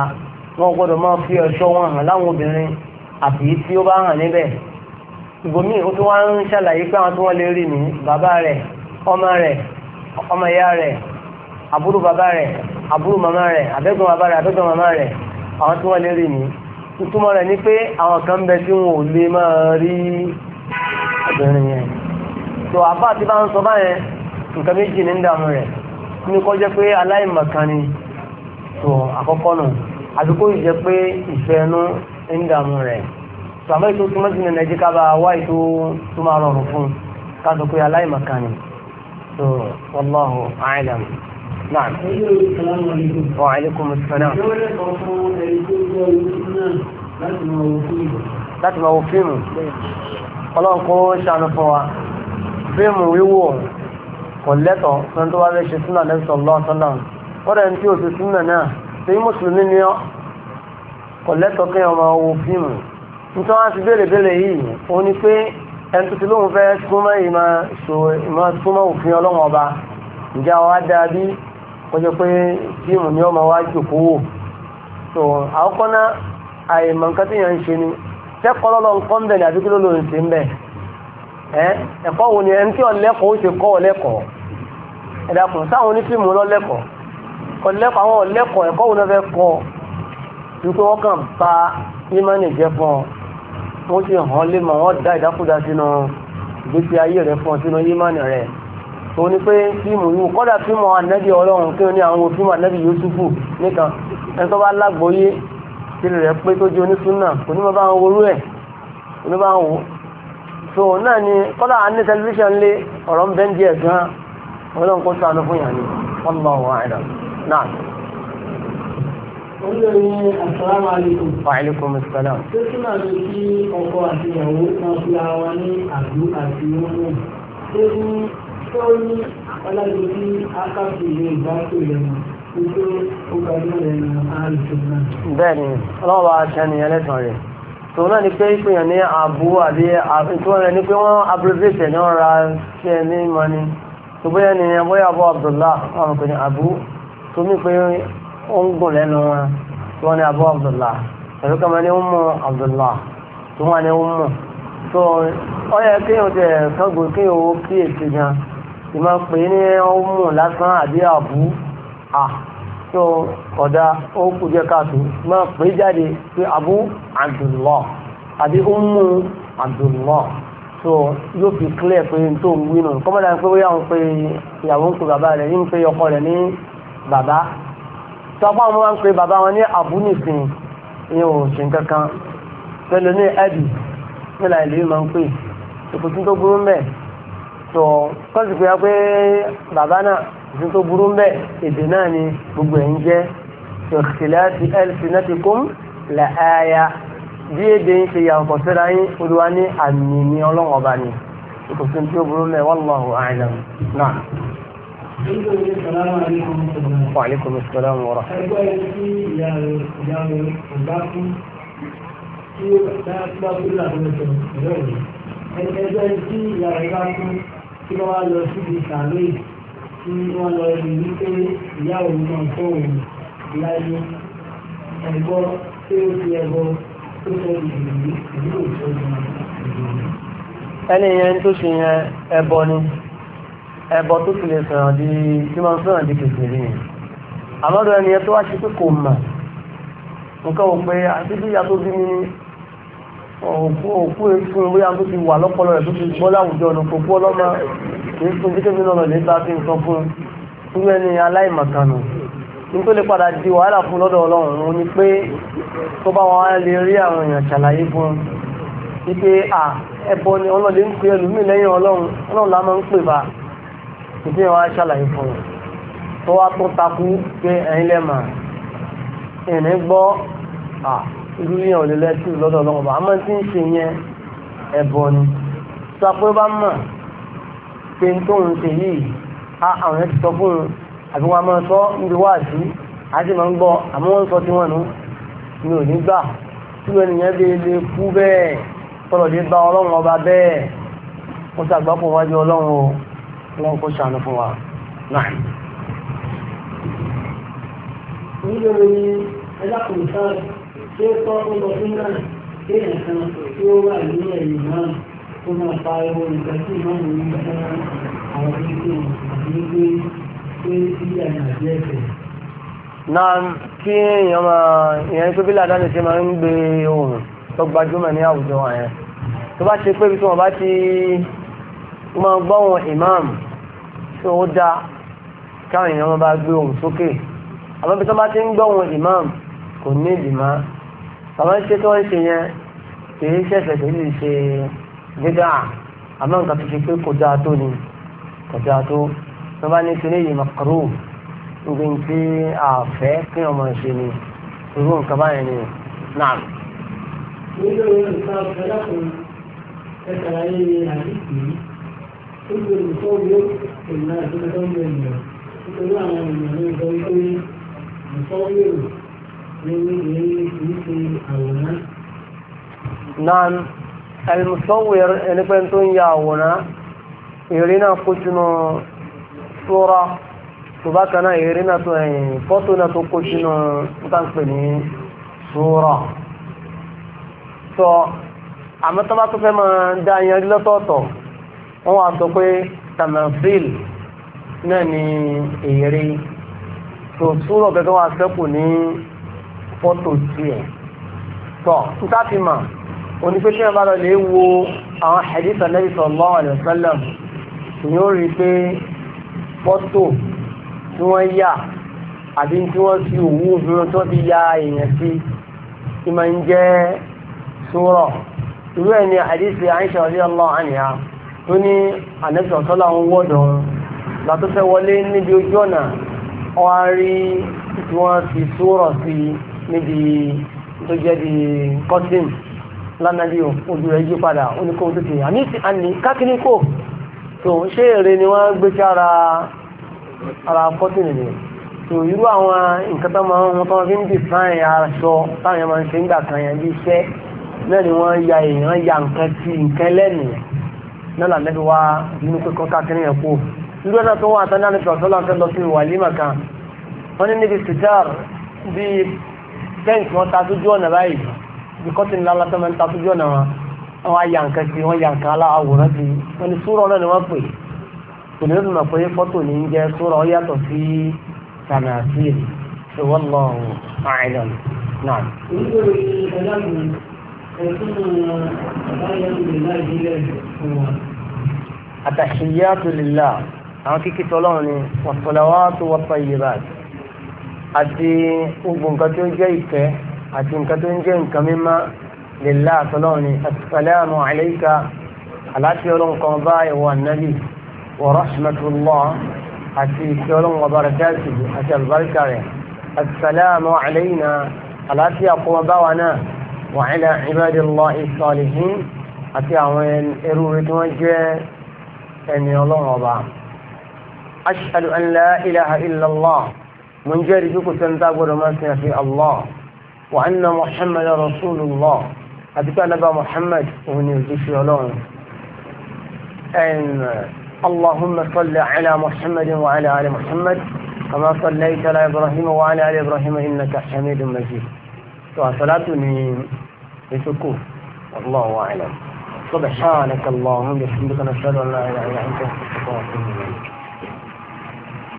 wọ́n gbọ́dọ̀ máa fi ọ̀ṣọ́ wọn hàn láwọn obìnrin àti yìí tí ó bá hàn níbẹ̀ ìbomi ó tún wá ń ṣàlàyé pé àwọn tí wọ́n lè rí ní bàbá rẹ̀ ọmọ rẹ̀ ọmọ ìyá rẹ̀ àbúrò bàbá rẹ̀ àbúrò màmá rẹ̀ àbẹ́gbọ̀n bàbá rẹ̀ àbẹ́gbọ̀n màmá rẹ̀ àwọn tí wọ́n lè rí ní ìtumọ̀ rẹ̀ ni pé àwọn kan ń bẹ tí wọn ò lè máa rí obìnrin yẹn tó àbá àti bá ń sọ báyẹn nǹkan méjì ní ń dààmú rẹ̀ ní kọjá pé aláìmọ̀kan ni tó àkọ́kọ́ nù àti kó pé ìfẹ́ ẹnu ń dààmú rẹ̀ tó ètò túmọ̀ sí nìyẹn ká bá wá ètò tó máa rọrùn fún un ká sọ pé aláìmọ̀kan ni tó wallahu a'lam. نعم السلام عليكم وعليكم السلام láti máa wo fíìmù ọlọ́run kó ṣàánú fún wa fíìmù wíwò kò lẹ́tọ̀ọ́ fún tó wá lè ṣe sínú àlẹ́sọ̀ lọ́sọ́nà kọ́dà ní tí o ti súnmọ̀ náà mùsùlùmí ni ọ́ kò lẹ́tọ̀ọ́ kí ọmọ owó fíìmù nítorí wọn ti béèrè béèrè yìí ó ní pé ẹni tó lóun fẹ́ súnmọ́ ìmọ̀ ṣò ìmọ̀ súnmọ́ òfin ọlọ́wọ́n ọba ǹjẹ́ jẹ́ pé fíìmù ni ọmọ wa jòkó tó àkọ́kọ́ náà àìmọ̀ nǹkan tí yẹn ń ni sẹ́kọ̀ọ́ lọ́lọ́ nǹkan ń bẹ̀ ní ló ń ṣe ń bẹ̀ ẹ̀kọ́ ọ̀lẹ́kọ̀ọ́ àwọn ọ̀lẹ́kọ̀ọ́ ẹ̀kọ́ wo ló fẹ́ kọ́ wípé wọ́n kàn bá ìmánì jẹ́ fún ọ wọ́n ti hàn lé mọ̀ wọ́n dá ìdákúdá sínú ìgbésí ayé rẹ̀ fún ọ sínú ìmánì rẹ̀ tó ní pé fíìmù yìí kọ́dà fíìmù ànábì ọlọ́run kí ni àwọn fíìmù ànábì Yúsúfù nìkan ẹni tó bá lágbóyé tí rẹ̀ pé tó jẹ́ onísúnà kò ní so náà ni kọ́dà à ń ní tẹlifíṣàn lé ọ̀rọ̀ ń bẹ́ńdì ẹ̀ gan ọlọ́run kó sànú fún yàn ni wọ́n lọ́wọ́ náà. olórí asalaamu aleykum. wa aleykum salaam. tó túmọ̀ sí kí ọkọ àti ìyàwó máa fi ara wọn ní àdú àti mímú. tó ní tó ní ọlájú tí akáfi ilé ìgbàkú lẹ́nu wípé ó gbàgbọ́ lẹ́nu àìsàn náà. bẹ́ẹ̀ni ọlọ́wọ́ aṣẹ́ni ẹlẹ́sàn rẹ̀ tò náà ni pé ìpìyàn ní àbú àbí tó rẹ̀ ní pé wọ́n abrevate ní wọ́n ra ṣe ní mọ́ni tó bóyá ni bóyá Abu Abdullah wọn kò ní àbú tó ní pé ó ń gùn lẹ́nu wọn tí Abu Abdullah pẹ̀lú kama ní Ummu Abdullah tó wà ní Ummu tó ọ yẹ kí o tẹ kọ́gbọ̀n kí o kí èsì gan ìmọ̀ pé ní Ummu lásán àbí àbú à tó ọ̀dà ó kù jẹ́ káàtó máa pè jáde pé Abu Abdullah àbí Ummu Abdullah so yóò fi clear pé n tó ń wí nù kọ́mọ́dà ń pé bóyá ń pe ìyàwó ń pe bàbá rẹ̀ yìí ń pe ọkọ rẹ̀ ní bàbá tọ́pọ̀ àwọn máa ń pe bàbá wọn ní àbúnìsìn ìyẹn ò ṣe kankan pẹ̀lú ní ẹ̀dì nílà ìlú yìí máa ń pè ìkùtù tó burú ń bẹ̀ tó kọ́sì pé pé bàbá náà ìkùtù tó burú ń bẹ̀ èdè náà ni gbogbo ẹ̀ ń jẹ́ ìkìlẹ́tì ẹ̀lìsìnẹ́tìkún lẹ́ẹ̀ẹ́yà bí èdè ń ṣe yàtọ̀ síra yín olúwa ní àmì ní ọlọ́wọ́ba ni ìkùtù tó burú ń bẹ̀ wallahu a'lam náà. Wa alaikum assalam wa rahmatullahi Kí ló wá lọ síbi ìsàlẹ̀ tí wọ́n lọ rí wípé ìyá òun náà tó òun láyé ẹ̀gbọ́ tí ó fi ẹ̀gbọ́ tó sọ ìdìbò ìlú òṣèlú. Ẹni yẹn tó ṣe yẹn ẹbọ ni ẹbọ tó fi lè sọ̀rọ̀ di tí wọ́n sọ̀rọ̀ di kékeré yẹn àlọ́dọ̀ ẹni tó wá ṣe pé kò mà nǹkan ò pé àti bí ìyá tó bí mi òkú òkú ètùn bóyá tó ti wà lọ́pọ̀lọ́ rẹ̀ tó ti gbọ́ láwùjọ ọ̀nà kò kú ọlọ́mọ ètùn fún un ẹni aláìmọ̀kànnù ẹbọ ni ọlọ́run ń pè ẹlòmíì lẹ́yìn ọlọ́run ọlọ́run la máa ń pè bá ìdí wọn aṣàlàyé fún un tó wá tó takú pé ẹ̀yin lẹ́mà ìní gbọ́ à irú yẹn ò lè lẹ́tù lọ́dọ̀ ọlọ́run bá àmọ́ tí ń ṣe yẹn ẹ̀bọ ni sọ pé bá mọ̀ pé n tó ń ṣe yìí á àwọn yẹn ti sọ fún un àbí wọn a máa sọ níbi wá sí àti máa ń gbọ́ àmọ́ wọn sọ tí wọn nù mi ò gbà tí wọn nìyẹn bí lè kú bẹ́ẹ̀ tọ́lọ̀ bá ọlọ́run ọba bẹ́ẹ̀ mo ṣàgbọ́pọ̀ wájú ọlọ́run o ọlọ́run kó ṣàánú fún wa náà. nílò ní ẹlẹ́kùnrin sáà tí ó tọ́ ọmọ fún náà kí ẹ̀ka tí ó wà ní ẹ̀yìn náà ó máa pa ẹwọ nǹkan tí ìmọ̀ mi ń bá àwọn ẹgbẹ́ àti ẹgbẹ́ pé ilé àjàdí ẹ̀fẹ̀. náà kí èèyàn máa ìyẹn tó bí ládàáni ṣe máa ń gbé ohùn tó gbajúmọ̀ ní àwùjọ wa yẹn tó bá ṣe pé ibi tí wọ́n bá ti máa gbọ́ wọn imam tí ó dá káwọn èèyàn bá gbé ohùn sókè àmọ́ bí tó bá ti ń gbọ́ wọn imam kò ní ìdìmá bàbá ṣe tó ń ṣe yẹn kì í ṣẹ̀ṣẹ̀ tó lè ṣe gbéga àmọ́ nǹkan tó ṣe pé kò dáa tó ni kò dáa tó tó bá ní kíní yìí makaru níbi tí àfẹ́ kí ọmọ ṣe ni irú nǹkan báyẹn ni náà. nílò ìrìnsà ọ̀pẹ̀lẹ́kùn ẹ̀ka ayé àdìsí ojú ẹni tó wúlò ìlànà ìpínlẹ̀ tó àwọn ènìyàn ní ìjọ wípé ìfọwọ́lérò ní ní kìí ṣe àwòrán. nan alimusawir ẹni pé tó ń ya sura tuba kana èrè náà tó ẹ̀yìn fọ́tò náà tó kó sura. sọ àmọ́ tó bá tó fẹ́ máa wọ́n wá sọ pé tamasil náà ni èrè tó túrọ̀ gẹ́gẹ́ wá sẹ́kù ní fọ́tò tiẹ̀ tọ́ ntáfimà onípẹ́sẹ̀ náà bá lọ lè wo àwọn hadith Ànábì sallallahu alaihi wasallam ni ó rí pé fọ́tò tí wọ́n yà àbí tí wọ́n fi òwú obìnrin tó fi ya èèyàn sí ìmọ̀ ń jẹ́ súrọ̀ irú ẹ̀ ni hadith Aisha radiyallahu anha tó ní ànẹ́bí ọ̀sọ́lá ń wọ́dọ̀ látọ́fẹ́ wọlé níbi ojú ọ̀nà ọwá rí tí wọ́n fi sóòrọ̀ sí níbi tó jẹ́ di cotton lánàbí ojú rẹ̀ yí padà ó ní kó o tètè àní àní kákìní kò tó ṣé èrè ni wọ́n gbé sí ara ara cotton ni tó irú àwọn nǹkan tó máa ń tó máa fi ń dìsáìn aṣọ táwọn yẹn máa ń ṣe ń gbà kan yẹn bí iṣẹ́ náà ni wọ́n ya èèyàn ya nǹkan ti nǹkan lẹ́nìí nílà nẹ́bí wá nínú pẹ́kọ́ káàkiri yẹn kú irú ẹ̀nà tó wà tán náà nípa ọ̀sọ́lá fẹ́ lọ sí wàlímà kan wọ́n ní níbi sitar bí tẹ́ǹtì wọn ta sójú ọ̀nà báyìí bí kọ́tìn lálá tó máa ń ta sójú ọ̀nà wọn wọn á yà nǹkan sí wọn yà nǹkan aláwòrán sí wọn ni súrọ̀ náà ni wọ́n pè kò ní lọ́dún pé fọ́tò ní jẹ́ súrọ̀ ó yàtọ̀ sí sànàfíì ṣe àtàṣíyàtò lèlá àwọn kíkí tọ́lọ́run ni wàtọ̀láwàtò wàtọ̀ ìyẹ̀bà àti gbogbo nǹkan tó ń jẹ́ ìfẹ́ àti nǹkan tó ń jẹ́ nǹkan mímá lèlá tọ́lọ́run ni assalamu alayka aláti ọlọ́run kan bá ẹ̀wọ̀ ànábì wa rahmatullah àti ìfẹ́ ọlọ́run ọbarakẹ́sì rẹ̀ assalamu àti àwọn rẹ̀ tí wọ́n jẹ́ يلون وضعهم أشهد أن لا إله إلا الله من جارجك سنتاب ورماسنا في الله وأن محمد رسول الله أبدا نبا محمد وهن يلتش يلون أن اللهم صل على محمد وعلى آل محمد كما صليت على إبراهيم وعلى آل إبراهيم إنك حميد مجيد وصلاة من يسكوه والله أعلم سبحانك اللهم وبحمدك نشهد ان لا اله الا انت نستغفرك ونتوب اليك